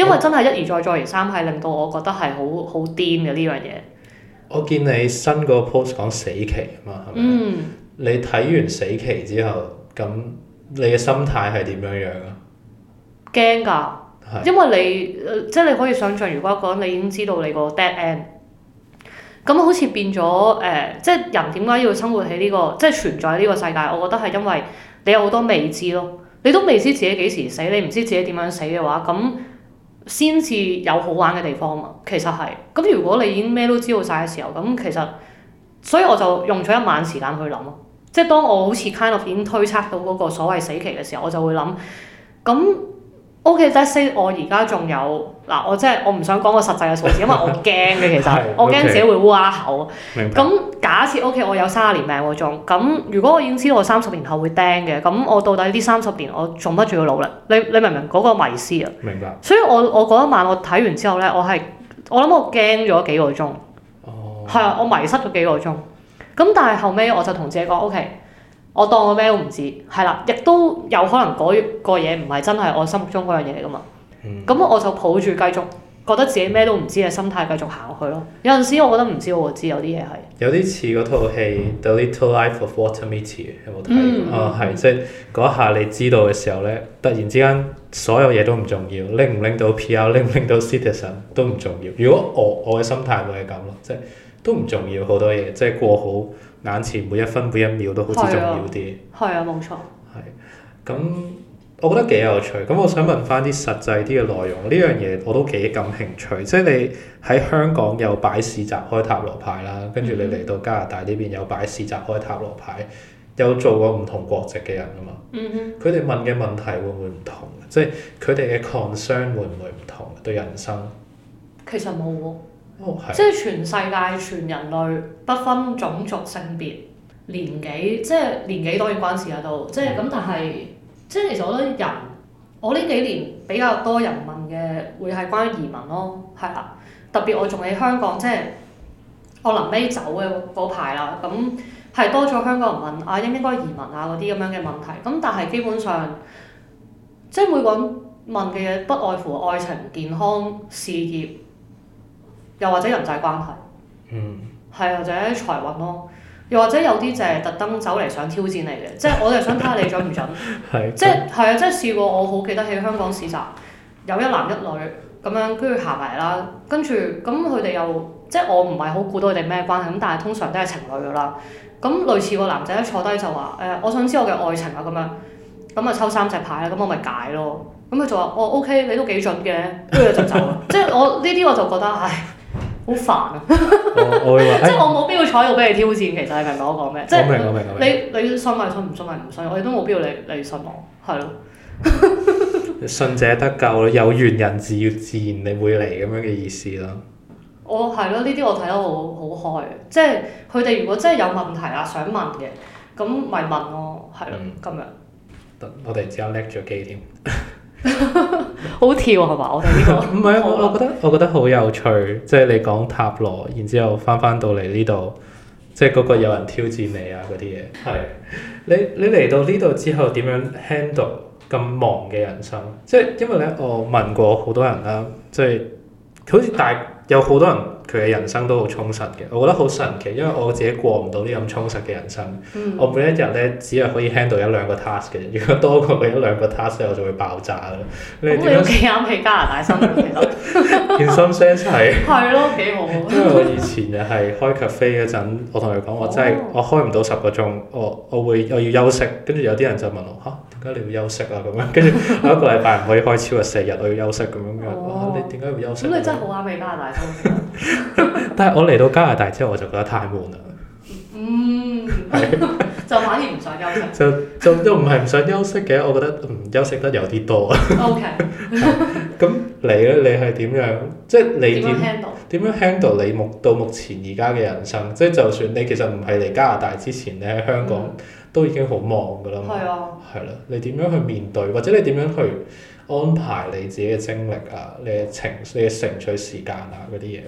因為真係一而再、再而三，係令到我覺得係好好癲嘅呢樣嘢。我見你新個 post 講死期啊嘛，係咪？嗯。你睇完死期之後，咁你嘅心態係點樣樣啊？驚㗎，是因為你、呃、即係你可以想像，如果講你已經知道你個 dead end，咁好似變咗誒、呃，即係人點解要生活喺呢、呢個即係存在呢個世界？我覺得係因為你有好多未知咯。你都未知自己幾時死，你唔知自己點樣死嘅話，咁。先至有好玩嘅地方嘛，其實係。咁如果你已經咩都知道晒嘅時候，咁其實，所以我就用咗一晚時間去諗咯。即係當我好似 kind of 已經推測到嗰個所謂死期嘅時候，我就會諗，咁。O.K.，第一先我而家仲有嗱，我即係我唔想講個實際嘅數字，因為我驚嘅其實， okay，我驚自己會烏鴉口。明白。咁假設 O.K.，我有三十年命嗰種，咁如果我已經知道我三十年後會釘嘅，咁我到底呢三十年我做乜仲要努力？你你明唔明嗰個迷思啊？明白。所以我我嗰一晚我睇完之後咧，我係我諗我驚咗幾個鐘，係、哦、啊，我迷失咗幾個鐘。咁但係後尾我就同自己講 O.K. 我當我咩都唔知，係啦，亦都有可能嗰個嘢唔係真係我心目中嗰樣嘢嚟㗎嘛。咁、嗯、我就抱住繼續，覺得自己咩都唔知嘅心態繼續行落去咯。有陣時我覺得唔知我知有啲嘢係。有啲似嗰套戲《嗯、The Little Life of Walter Mitty》有冇睇、嗯、啊？係即係嗰一下你知道嘅時候咧，突然之間所有嘢都唔重要，拎唔拎到 PR，拎唔拎到 Citizen 都唔重要。如果我我嘅心態會係咁咯，即係。都唔重要好多嘢，即係過好眼前每一分每一秒都好似重要啲。係啊，冇、啊、錯。係，咁我覺得幾有趣。咁我想問翻啲實際啲嘅內容。呢、嗯、樣嘢我都幾感興趣。即係你喺香港有擺市集開塔羅牌啦，跟住、嗯、你嚟到加拿大呢邊有擺市集開塔羅牌，有做過唔同國籍嘅人啊嘛。佢哋、嗯嗯、問嘅問題會唔會唔同？即係佢哋嘅 concern 會唔會唔同？對人生其實冇喎。哦、即係全世界全人類不分、種族、性別、年紀，即係年紀當然關事啊都，即係咁、嗯、但係即係其實我覺得人，我呢幾年比較多人問嘅會係關於移民咯，係啦，特別我仲喺香港，即係我臨尾走嘅嗰排啦，咁係多咗香港人問啊應唔應該移民啊嗰啲咁樣嘅問題，咁但係基本上即係每個人問嘅嘢不外乎愛情、健康、事業。又或者人際關係，係或者財運咯，又或者有啲就係特登走嚟想挑戰你嘅，即係我哋想睇下你準唔準，即係係啊，即係試過我好記得喺香港市集，有一男一女咁樣跟住行埋啦，跟住咁佢哋又即係我唔係好估到佢哋咩關係，咁但係通常都係情侶噶啦，咁類似個男仔一坐低就話誒，我想知我嘅愛情啊咁樣，咁啊抽三隻牌啦，咁我咪解咯，咁佢就話哦 O K，你都幾準嘅，跟住就走啦，即係我呢啲我就覺得唉～好煩啊 、哦！我會 即係我冇必要採度俾你挑戰，其實你明唔明我講咩？即係你你信咪信，唔信咪唔信，信。我亦都冇必要你你信我，係咯。 信者得救有緣人自要自然，你會嚟咁樣嘅意思咯。 我係咯，呢啲我睇得好好開。即係佢哋如果真係有問題啊想問嘅，咁咪問咯，係咯咁樣。我哋只有叻咗幾點。好跳係嘛？我哋呢個唔係我，我覺得 我覺得好有趣。即係你講塔羅，然之後翻翻到嚟呢度，即係嗰個有人挑戰你啊嗰啲嘢。係你你嚟到呢度之後點樣 handle 咁忙嘅人生？即係因為咧，我問過好多人啦，即係好似大有好多人。就是佢嘅人生都好充實嘅，我覺得好神奇，因為我自己過唔到呢咁充實嘅人生。Mm hmm. 我每一日呢，只係可以 handle 一兩個 task 嘅，如果多過佢一兩個 task，我就會爆炸啦。Oh, 樣你哋都幾啱喺加拿大生活，其實。In some sense, so 係。係咯，幾好。因為我以前又係開 cafe 嗰陣，我同佢講我真係、oh. 我開唔到十個鐘，我我會我要休息，跟住有啲人就問我吓，點解你要休息啊？咁樣，跟住我一個禮拜唔可以開超過四日，我要休息咁樣。Oh. 點解會休息？咁你真係好啱你加拿大。 但係我嚟到加拿大之後，我就覺得太悶啦。嗯。 就反而唔想休息。就就就唔係唔想休息嘅，我覺得嗯休息得有啲多啊。O K。咁你咧？你係點樣？即係你點？點樣 handle 你目到目前而家嘅人生？即係就算你其實唔係嚟加拿大之前，你喺香港都已經好忙噶啦。係啊、嗯。係啦，你點樣去面對？或者你點樣去？安排你自己嘅精力啊，你嘅情緒，你嘅情緒時間啊嗰啲嘢。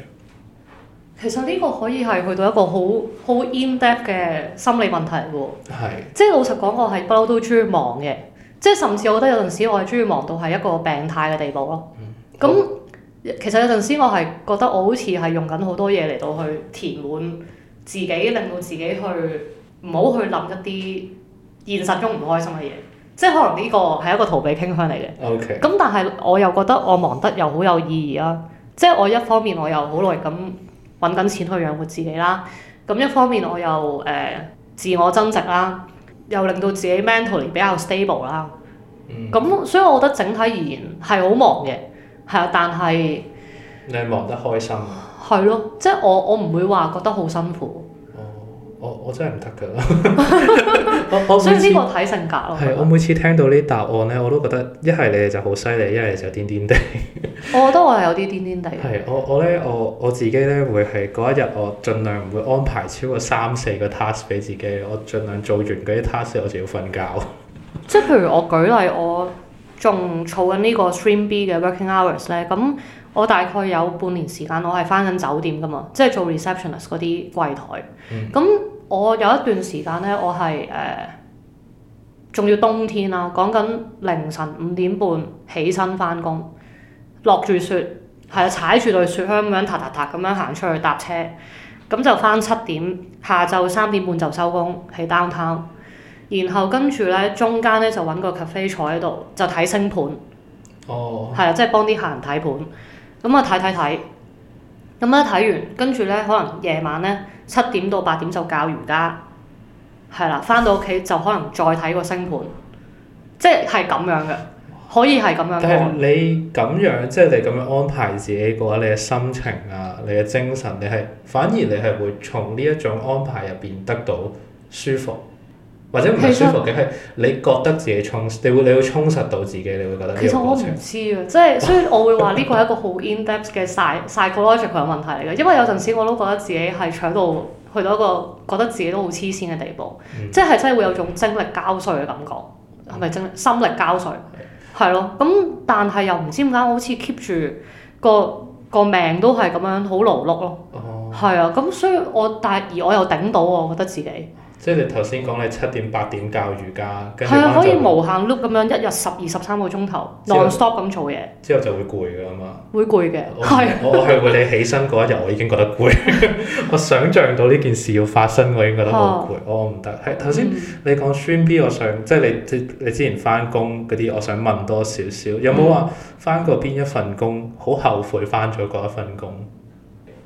其實呢個可以係去到一個好好 in depth 嘅心理問題嚟嘅喎。係。即係老實講，我係不嬲都中意忙嘅，即係甚至我覺得有陣時我係中意忙到係一個病態嘅地步咯。咁其實有陣時我係覺得我好似係用緊好多嘢嚟到去填滿自己，令到自己去唔好去諗一啲現實中唔開心嘅嘢。即係可能呢個係一個逃避傾向嚟嘅，咁 Okay. 但係我又覺得我忙得又好有意義啦、啊。即係我一方面我又好耐咁揾緊錢去養活自己啦、啊，咁一方面我又誒、呃、自我增值啦、啊，又令到自己 mentally 比較 stable 啦、啊。咁、mm. 嗯、所以我覺得整體而言係好忙嘅，係啊，但係你係忙得開心啊？係咯，即係我我唔會話覺得好辛苦。我我真係唔得㗎，我 所以呢個睇性格咯。係 我每次聽到呢答案咧，我都覺得一係你哋就好犀利，一係就癲癲地 。我覺得我係有啲癲癲地。係，我我咧我我自己咧會係嗰一日我盡量唔會安排超過三四個 task 俾自己，我盡量做完嗰啲 task 我就要瞓覺。 即係譬如我舉例，我仲儲緊呢個 Stream B 嘅 Working Hours 咧，咁我大概有半年時間，我係翻緊酒店㗎嘛，即係做 receptionist 嗰啲櫃台，咁、嗯。我有一段時間咧，我係誒，仲、呃、要冬天啦、啊，講緊凌晨五點半起身翻工，落住雪，係啊，踩住對雪靴咁樣，踏踏踏咁樣行出去搭車，咁就翻七點，下晝三點半就收工，喺 downtown，然後跟住咧中間咧就揾個 cafe 坐喺度，就睇星盤，係啊、oh.，即係幫啲客人睇盤，咁啊睇睇睇。咁咧睇完，跟住咧可能夜晚咧七點到八點就教瑜伽，係啦，翻到屋企就可能再睇個星盤，即係係咁樣嘅，可以係咁樣嘅。但係你咁樣即係你咁樣安排自己嘅話，你嘅心情啊，你嘅精神，你係反而你係會從呢一種安排入邊得到舒服。或者唔舒服嘅係你覺得自己充，你會你會充實到自己，你會覺得其實我唔知啊，即係所以我會話呢個係一個好 in depth 嘅 psychological 嘅問題嚟嘅，因為有陣時我都覺得自己係坐喺度去到一個覺得自己都好黐線嘅地步，嗯、即係真係會有種精力交瘁嘅感覺，係咪、嗯、精力心力交瘁？係咯、嗯，咁但係又唔知點解好似 keep 住個個命都係咁樣好勞碌咯，係啊，咁所以我但係而我又頂到我覺得自己。即係你頭先講你七點八點教瑜伽，係啊，可以無限 loop 咁樣一日十二十三個鐘頭，non stop 咁做嘢。之後就會攰㗎嘛？會攰嘅，係我的。我係會你起身嗰一日，我已經覺得攰。 我想像到呢件事要發生，我已經覺得好攰，我唔得。係頭先你講孫 B，我想、嗯、即係你你之前返工嗰啲，我想問多少少，有冇話返過邊一份工好後悔返咗嗰一份工？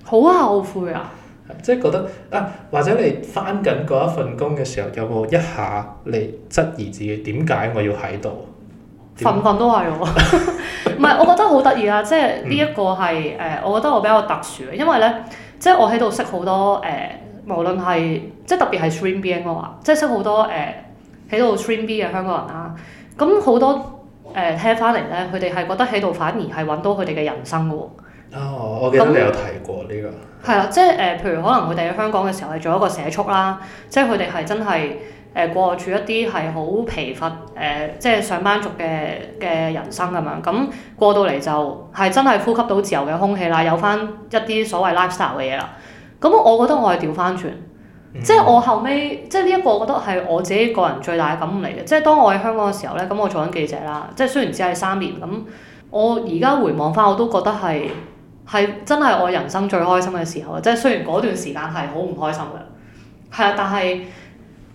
好後悔啊！即係覺得啊，或者你翻緊嗰一份工嘅時候，有冇一下你質疑自己點解我要喺度？瞓份都係喎，唔係 我覺得好得意啦！即係呢一個係誒、呃，我覺得我比較特殊嘅，因為咧，即係我喺度識好多誒、呃，無論係即係特別係 Stream B 嘅話，B N、o，即係識好多誒喺、呃、度 Stream B 嘅香港人啦、啊。咁好多誒、呃、聽翻嚟咧，佢哋係覺得喺度反而係揾到佢哋嘅人生嘅喎。哦、我記得你有提過呢個係啦，即係誒，譬如可能佢哋喺香港嘅時候係做一個社畜啦，即係佢哋係真係誒過住一啲係好疲乏誒，即係上班族嘅嘅人生咁樣。咁過到嚟就係真係呼吸到自由嘅空氣啦，有翻一啲所謂 lifestyle 嘅嘢啦。咁我覺得我係調翻轉，即係我後尾，即係呢一個，我覺得係我自己個人最大嘅感悟嚟嘅。即係當我喺香港嘅時候咧，咁我做緊記者啦，即係雖然只係三年，咁我而家回望翻，我都覺得係、mm。Hmm. 係真係我人生最開心嘅時候。即係雖然嗰段時間係好唔開心嘅，係啊，但係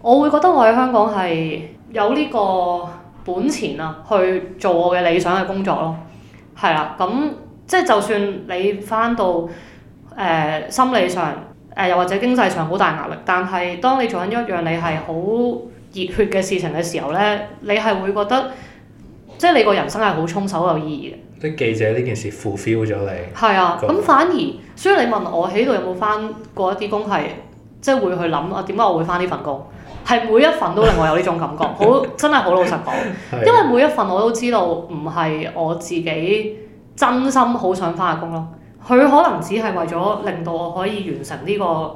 我會覺得我喺香港係有呢個本錢啊，去做我嘅理想嘅工作咯。係啦，咁即係就算你返到誒、呃、心理上誒又、呃、或者經濟上好大壓力，但係當你做緊一樣你係好熱血嘅事情嘅時候呢，你係會覺得即係、就是、你個人生係好充實又有意義嘅。啲記者呢件事 fulfill 咗你係啊，咁、那個、反而，所以你問我喺度有冇返過一啲工係即係會去諗啊？點解我會返呢份工？係每一份都令我有呢種感覺，好 真係好老實講。 的因為每一份我都知道唔係我自己真心好想返下工咯，佢可能只係為咗令到我可以完成呢、這個誒、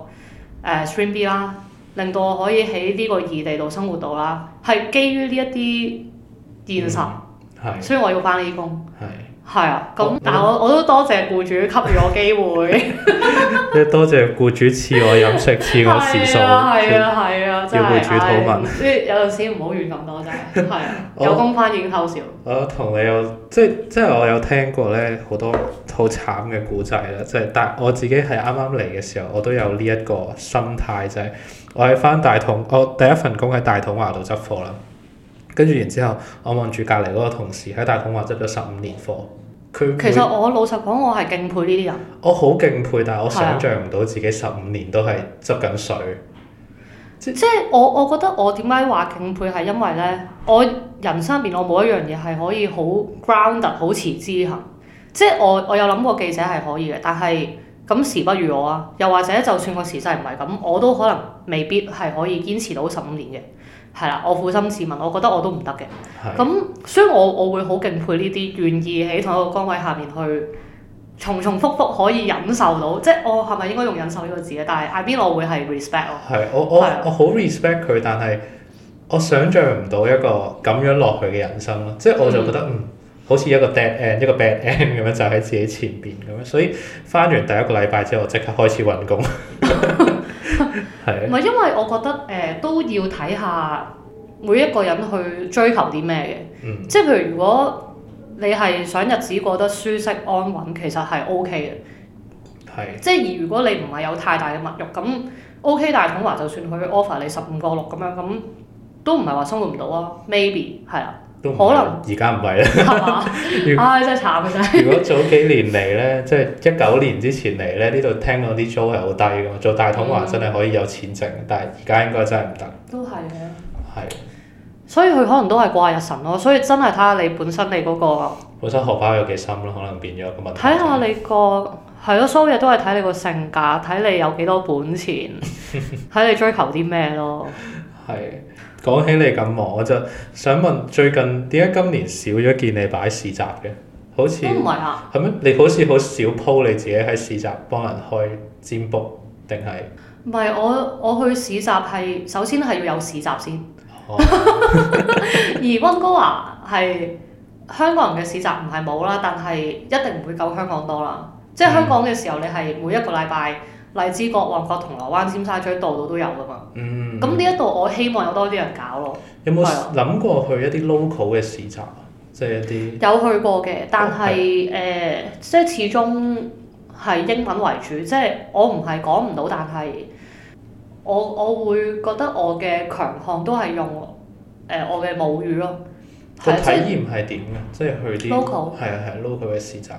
呃、Stream B 啦，令到我可以喺呢個異地度生活到啦，係基於呢一啲現實，嗯、所以我要返呢啲工。係啊，咁但係我我都多謝僱主給予我機會，即係 多謝僱主賜我飲食，賜我時數，要僱主討問，即係有陣時唔好怨咁多真係，有工翻已經偷笑。我同你有即係即係我有聽過呢好多好慘嘅故仔啦，即係但我自己係啱啱嚟嘅時候，我都有呢一個心態，就係我喺翻大同，我第一份工喺大同華度執貨啦。跟住然之後，我望住隔離嗰個同事喺大統華執咗十五年貨，佢其實我老實講，我係敬佩呢啲人。我好敬佩，但係我想象唔到自己十五年都係執緊水。的即即係我，我覺得我點解話敬佩係因為咧，我人生入面我冇一樣嘢係可以好 grounded、好持之恒。即係我，我有諗過記者係可以嘅，但係咁時不如我啊。又或者就算個時勢唔係咁，我都可能未必係可以堅持到十五年嘅。係啦，我捫心自問，我覺得我都唔得嘅。咁所以，我我會好敬佩呢啲願意喺同一個崗位下面去重重覆覆可以忍受到，即係我係咪應該用忍受呢個字咧？但係 I mean 我會係 respect 咯。係，我我我好 respect 佢，但係我想像唔到一個咁樣落去嘅人生咯。即係我就覺得，嗯，嗯，好似一個 bad end，一個 bad end 咁樣就喺自己前邊咁樣，所以返完第一個禮拜之後，即刻開始揾工。 唔係， 因為我覺得誒、呃、都要睇下每一個人去追求啲咩嘅，嗯、即係譬如如果你係想日子過得舒適安穩，其實係 O K 嘅，是即係如果你唔係有太大嘅物欲，咁 O K 大統華就算佢 offer 你十五個六咁樣，咁都唔係話生活唔到啊，maybe 係啊。可能而家唔係啦。唉，真係慘啊！真係果。 如果早幾年嚟呢，即係一九年之前嚟呢，呢度聽到啲租係好低㗎嘛。做大統華真係可以有錢剩，嗯、但係而家應該真係唔得。都係嘅、啊。係的。所以佢可能都係掛日神咯，所以真係睇下你本身你嗰、那個本身荷包有幾深咯，可能變咗一個問題看看。睇下你個係咯，所有嘢都係睇你個性格，睇你有幾多本錢，睇 你追求啲咩咯。係。 講起你咁忙，我就想問最近點解今年少咗見你擺市集嘅？好似都唔係啊。係咩？你好似好少鋪你自己喺市集幫人開占卜，定係？唔係我，我去市集係首先係要有市集先。哦、 而溫哥華係香港人嘅市集唔係冇啦，但係一定唔會夠香港多啦。即係香港嘅時候，你係每一個禮拜。嗯荔枝角、旺角、銅鑼灣、尖沙咀，度度都有噶嘛。嗯。咁呢一度我希望有多啲人搞咯。有冇諗過去一啲 local 嘅市集啊？即係一啲。有去過嘅，但係誒，即係，哦，呃，即係始終係英文為主，即係我唔係講唔到，但係我我會覺得我嘅強項都係用誒、呃、我嘅母語咯。個體驗係點嘅？即係去啲 local。係啊係，local 嘅市集。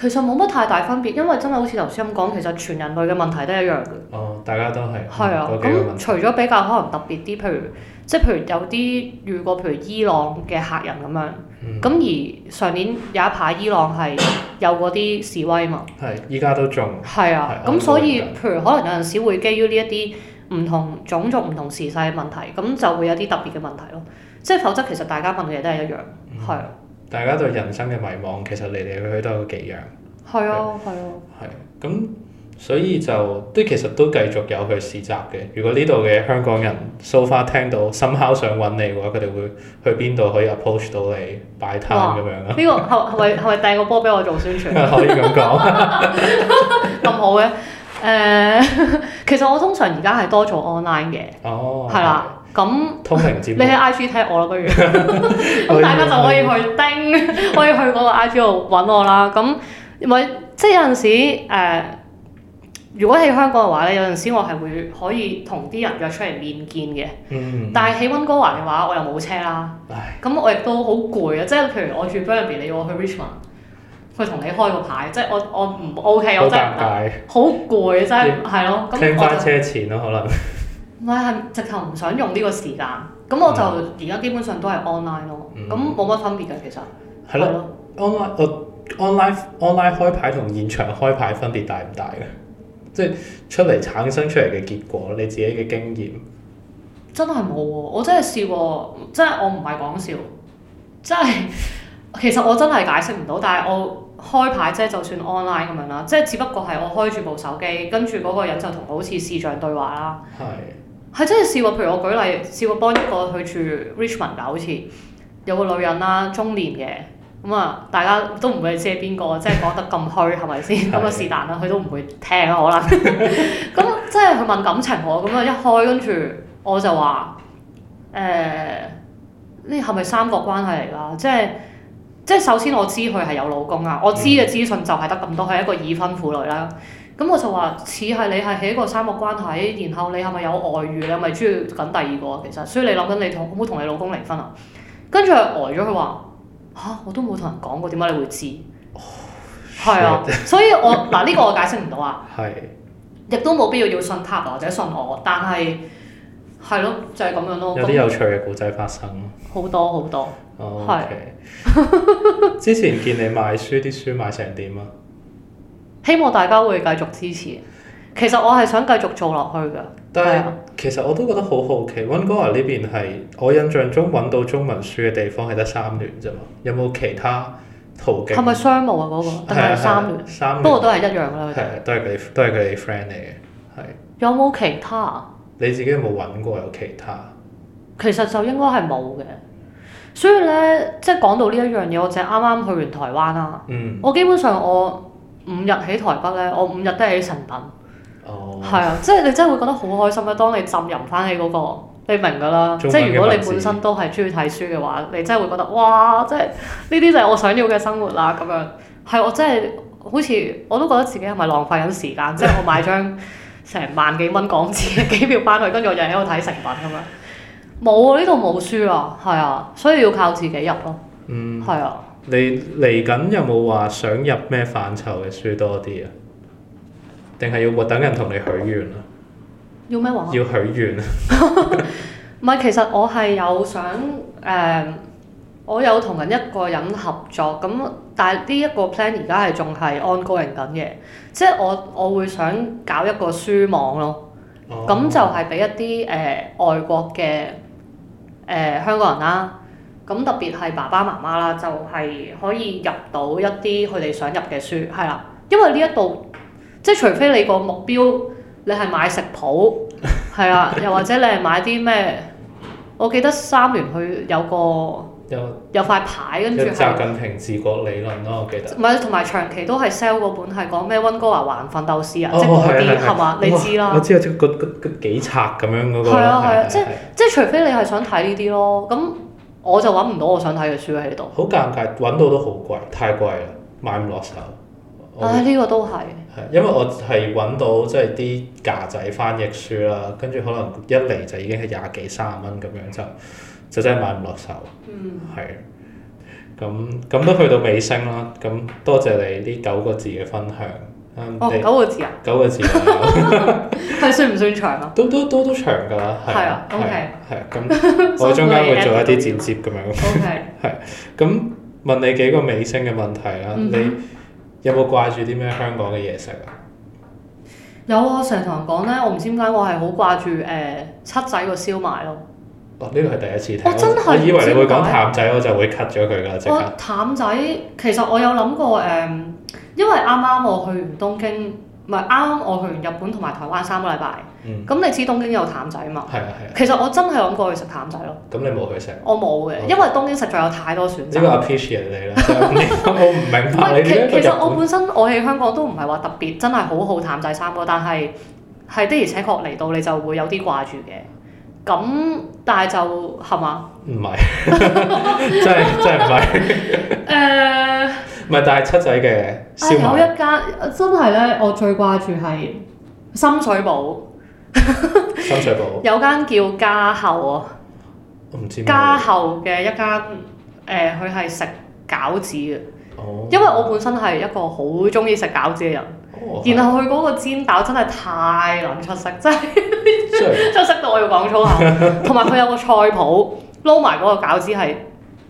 其實冇乜太大分別，因為真係好似頭先咁講，其實全人類嘅問題都一樣嘅、哦。大家都係。係啊，咁除咗比較可能特別啲，譬如即係譬如有啲遇過，譬如伊朗嘅客人咁樣。嗯。咁而上年有一排伊朗係有嗰啲示威嘛？係、嗯，依家都仲。係啊，咁、嗯嗯、所以譬如可能有陣時會基於呢一啲唔同種族唔同時勢嘅問題，咁就會有啲特別嘅問題咯。即係否則其實大家問嘅嘢都係一樣，係。大家對人生嘅迷茫，其實嚟嚟去去都有幾樣。係啊，係啊。係，咁所以就都其實都繼續有去試習嘅。如果呢度嘅香港人 so far，聽到，somehow 想揾你嘅話，佢哋會去邊度可以 approach 到你擺攤咁樣啊？呢樣、啊這個係咪係咪掟二個波俾我做宣傳可以咁講咁好嘅？誒、uh,，其實我通常而家係多做 online 嘅，係啦、哦。是咁，你喺 IG 睇我啦不如， 大家就可以去叮，可以去嗰個 IG 度揾我啦。咁、嗯，咪、嗯嗯、 即係有陣時誒、呃，如果喺香港嘅話咧，有陣時我係會可以同啲人約出嚟面見嘅。但係喺溫哥華嘅話，我又冇車啦。唉。咁我亦都好攰啊！即係譬如我住 Burnaby，你要我去 Richmond，佢同你開個牌，即係我我唔 OK，我真係好攰啊！真係係咯。傾翻車錢咯，可能。我係直頭唔想用呢個時間，咁我就而家基本上都係 online 咯、嗯，咁冇乜分別嘅其實。係咯，online 我 online online 開牌同現場開牌分別大唔大嘅？即 係出嚟產生出嚟嘅結果，嗯、你自己嘅經驗。真係冇喎！我真係試過，真係我唔係講笑，真係 其實我真係解釋唔到。但係我開牌即係、就係、就算 online 咁樣啦，即係只不過係我開住部手機，跟住嗰個人就同好似視像對話啦。係。係真係試過，譬如我舉例，試過幫一個去住 Richmond 啊，好似有個女人啦，中年嘅咁啊，大家都唔會知係邊個， 即係講得咁虛係咪先咁啊？是但啦，佢 都唔會聽啊，可能咁 即係佢問感情喎，咁啊一開，跟住我就話誒，呢係咪三角關係嚟㗎？即係即係首先我知佢係有老公啊，我知嘅資訊就係得咁多，佢係一個已婚婦女啦。咁我就話似係你係喺一個三角關係，然後你係咪有外遇？你係咪中意緊第二個？其實，所以你諗緊你同冇同你老公離婚啊？跟住佢呆咗，佢話嚇我都冇同人講過，點解你會知？係、哦、啊，所以我嗱呢 個我解釋唔到啊。係是。亦都冇必要要信塔或者信我，但係係咯，就係、是、咁樣咯。有啲有趣嘅故仔發生咯。好多好多。哦。之前見你賣書，啲書賣成點啊？希望大家會繼續支持。其實我係想繼續做落去嘅。但係是 嗎其實我都覺得好好奇，溫哥華呢邊係我印象中揾到中文書嘅地方係得三聯啫嘛。有冇其他途徑？係咪商務啊嗰、嗰個？定係三聯？三聯、啊、不過都係一樣啦。係，都係佢哋，都係佢哋 friend 嚟嘅。係。有冇其他？你自己有冇揾過有其他？其實就應該係冇嘅。所以咧，即係講到呢一樣嘢，我就啱啱去完台灣啦。嗯、我基本上我。五日喺台北咧，我五日都係喺誠品，係、oh. 啊，即係你真係會覺得好開心啊。當你浸淫翻起嗰、那個，你明噶啦。即係如果你本身都係中意睇書嘅話，你真係會覺得哇！即係呢啲就係我想要嘅生活啦。咁樣係我真係好似我都覺得自己係咪浪費緊時間？ 即係我買張成萬幾蚊港紙嘅機票返去，跟住我日日喺度睇誠品咁啊！冇啊，呢度冇書啊，係啊，所以要靠自己入咯，係、mm. 啊。你嚟緊有冇話想入咩範疇嘅書多啲啊？定係要我等人同你許願啊？要咩話？要許願啊？唔係，其實我係有想誒、呃，我有同人一個人合作，咁但係呢一個 plan 而家係仲係 ongoing 緊嘅，即係我我會想搞一個書網咯，咁、oh. 就係俾一啲誒、呃、外國嘅誒、呃、香港人啦。咁特別係爸爸媽媽啦，就係可以入到一啲佢哋想入嘅書，係啦，因為呢一度即係除非你個目標，你係買食譜，係啊，又或者你係買啲咩？我記得三聯去有個有有塊牌跟住習近平治國理論咯，我記得。唔係，同埋長期都係 sell 嗰本係講咩溫哥華華人奮鬥史啊，即係嗰啲係嘛？你知啦。我知啊，即嗰幾冊咁樣嗰個。係啊係啊，即係即係，除非你係想睇呢啲咯，咁。我就揾唔到我想睇嘅書喺呢度。好尷尬，揾到都好貴，太貴啦，買唔落手。啊，呢我個都係。係，因為我係揾到即係啲架仔翻譯書啦，跟住可能一嚟就已經係廿幾三十蚊咁樣，就就真係買唔落手。嗯。係。咁咁都去到尾聲啦，咁多謝你呢九個字嘅分享。哦，九個字啊！九個字，係算唔算長啊？都都都都長㗎，係。係啊，OK。係啊，咁我中間會做一啲剪接咁樣。OK。係，咁問你幾個尾聲嘅問題啦。你有冇掛住啲咩香港嘅嘢食啊？有啊，成日同人講咧，我唔知點解我係好掛住誒七仔個燒賣咯。哦，呢個係第一次聽。我真係以為你會講譚仔，我就會 cut 咗佢㗎。我譚仔其實我有諗過誒。因為啱啱我去完東京，唔係啱啱我去完日本同埋台灣三個禮拜，咁你知東京有譚仔啊嘛？係啊係啊。其實我真係諗過去食譚仔咯。咁你冇去食？我冇嘅，因為東京實在有太多選擇。呢個 appreciate 你啦。我唔明白你點去日本。其實我本身我喺香港都唔係話特別真係好好譚仔三個，但係係的而且確嚟到你就會有啲掛住嘅。咁但係就係嘛？唔係，真係真係唔係。誒。唔係，但係七仔嘅燒賣、哎、有一間，真係咧，我最掛住係深水埗。深水埗有間叫家後啊。唔知。家後嘅一間，誒、呃，佢係食餃子嘅。哦、因為我本身係一個好中意食餃子嘅人。哦、然後佢嗰個煎餃真係太撚出色，真係然出色到我要講粗口。同埋佢有個菜譜，撈埋嗰個餃子係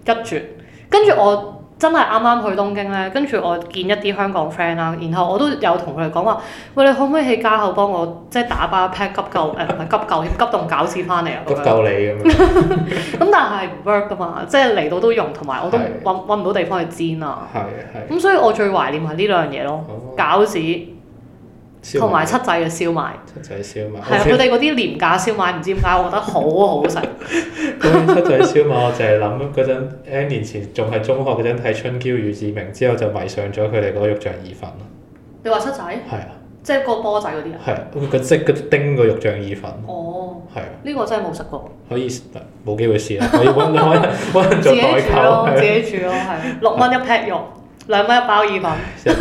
一絕。跟住我。真係啱啱去東京咧，跟住我見一啲香港 friend 啦，然後我都有同佢哋講話，喂，你可唔可以喺家後幫我即係打包 p a c 急救 急救啲急凍餃子翻嚟啊？救你咁樣，咁但係唔 work 噶嘛，即係嚟到都用，同埋我都揾唔到地方去煎啊。咁、嗯、所以我最懷念係呢兩嘢咯， 餃子。同埋七仔嘅燒賣，七仔燒賣，係佢哋嗰啲廉價燒賣，唔知點解我覺得好好食。七仔燒賣，我就係諗嗰陣 N 年前仲係中學嗰陣睇《春嬌與志明》，之後就迷上咗佢哋嗰個肉醬意粉。你話七仔？係啊。即係個波仔嗰啲啊。係，佢即係嗰啲叮個肉醬意粉。哦。係啊。呢個真係冇食過。可以冇機會試啦，搵人做代購。自己煮咯，自己煮咯，係。六蚊一劈肉。兩蚊一包意粉，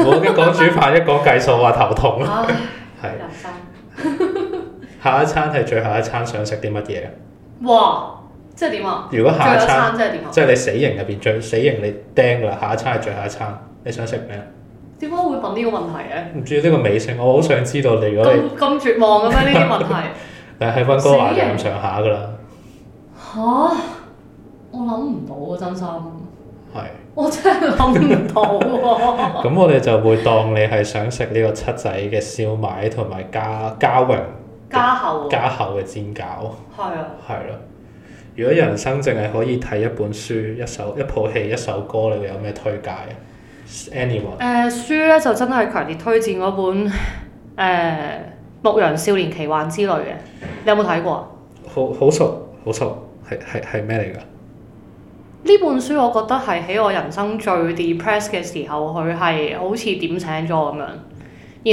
我一講煮飯一講計數話頭痛咯。係，下一餐係最後一餐想，想食啲乜嘢啊？哇！即係點啊？如果下一餐，最後一餐即係點啊？即係你死刑入邊最死刑你釘㗎啦！下一餐係最後一餐，你想食咩？點解會問呢個問題嘅？唔知呢、這個美食，我好想知道你嗰啲咁絕望嘅咩呢啲問題？喺溫 哥就咁上下㗎啦！吓人？ 我諗唔到啊，真心係。 我真係諗唔到喎、啊！咁 我哋就會當你係想食呢個七仔嘅燒賣，同埋家家榮家厚、啊、家厚嘅煎餃。係啊。係咯、啊。如果人生淨係可以睇一本書、一首、一套戲、一首歌，你會有咩推介啊？Anyone？誒、呃、書咧就真係強烈推薦嗰本誒、呃《牧羊少年奇幻之旅》嘅，你有冇睇過？好好熟，好熟，係係係咩嚟㗎？呢本書我覺得係喺我人生最 depressed 嘅時候，佢係好似點醒咗咁樣。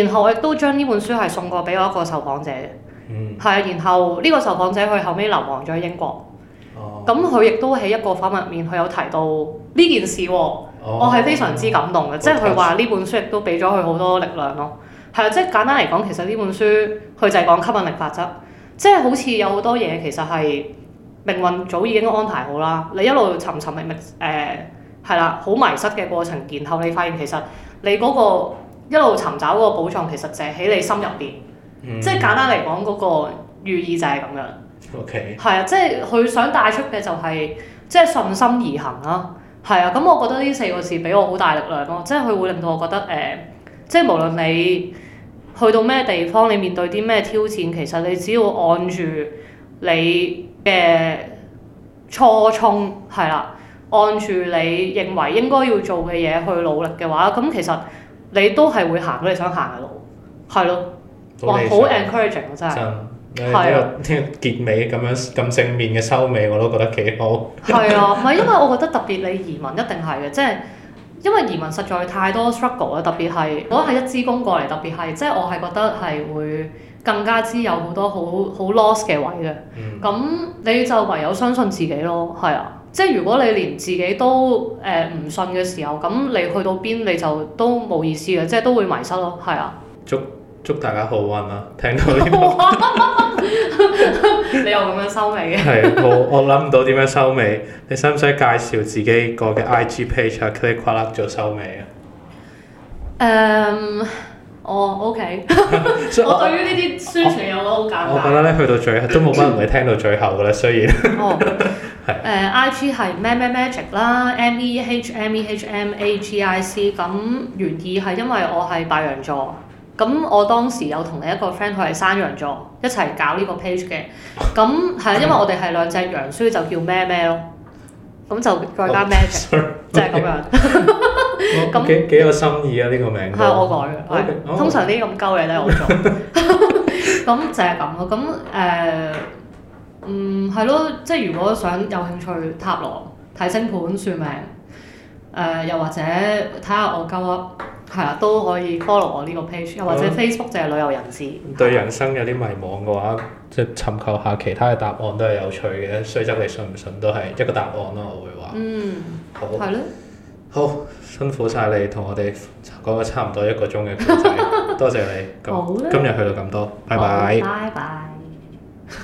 然後我亦都將呢本書係送過俾我一個受訪者，係、嗯。然後呢個受訪者佢後尾流亡咗喺英國。咁佢亦都喺一個訪問入面，佢有提到呢件事、哦，哦、我係非常之感動嘅。哦、即係佢話呢本書亦都俾咗佢好多力量咯。係啊、嗯，即係簡單嚟講，其實呢本書佢就係講吸引力法則，即、就、係、是、好似有好多嘢其實係。命運早已經安排好啦，你一路尋尋覓覓，誒係啦，好迷失嘅過程，然後你發現其實你嗰、那個一路尋找嗰個寶藏，其實就喺你心入邊。嗯、即係簡單嚟講，嗰、那個寓意就係咁樣。OK 係啊，即係佢想帶出嘅就係、是、即係順心而行啦。係啊，咁我覺得呢四個字俾我好大力量咯。即係佢會令到我覺得誒、呃，即係無論你去到咩地方，你面對啲咩挑戰，其實你只要按住你嘅初衷係啦，按住你認為應該要做嘅嘢去努力嘅話，咁其實你都係會行到你想行嘅路，係咯，哇，好 encouraging 真係，係啊，呢個結尾咁樣咁正面嘅收尾，我都覺得幾好。係啊，唔係 因為我覺得特別你移民一定係嘅，即係因為移民實在太多 struggle 啦，特別係我係一支公過嚟，特別係即係我係覺得係會。更加之有好多好好 loss、嗯嘅位嘅，咁你就唯有相信自己咯，係啊，即係如果你連自己都誒唔、呃、信嘅時候，咁你去到邊你就都冇意思嘅，即係都會迷失咯，係啊。祝祝大家好運啊，聽到呢個，你又咁樣收尾嘅。係，我我諗唔到點樣收尾。你使唔使介紹自己個嘅 IG page 啊？click 咗收尾啊。誒。Um, 哦、oh，OK， 我對於呢啲宣傳有好好簡單，我覺得咧 去到最後都冇乜人聽到最後嘅咧，雖然，係 誒、oh, uh, e e、I G 係咩咩 Magic 啦，M E H M E H M A G I C，咁原意係因為我係白羊座，咁我當時有同另一個 friend 佢係山羊座一齊搞呢個 page 嘅，咁係因為我哋係兩隻羊，所以就叫咩咩咯，咁就再加 Magic 即係咁樣。 咁、哦、幾幾有心意啊！呢、這個名係我改嘅，okay, oh, 通常啲咁鳩嘢都係我做咁就係咁咯。咁誒 嗯係咯，即係如果想有興趣塔羅睇星盤算命誒、呃，又或者睇下我鳩啊，係啊都可以 follow 我呢個 page，又或者 Facebook 就係旅遊人士、嗯。對人生有啲迷茫嘅話，即係尋求下其他嘅答案都係有趣嘅，雖則你信唔信都係一個答案咯。我會話嗯好係咯。好，辛苦晒你同我哋講咗差唔多一個鐘嘅故仔， 多謝你。呢今日去到咁多，拜拜。Oh, bye bye.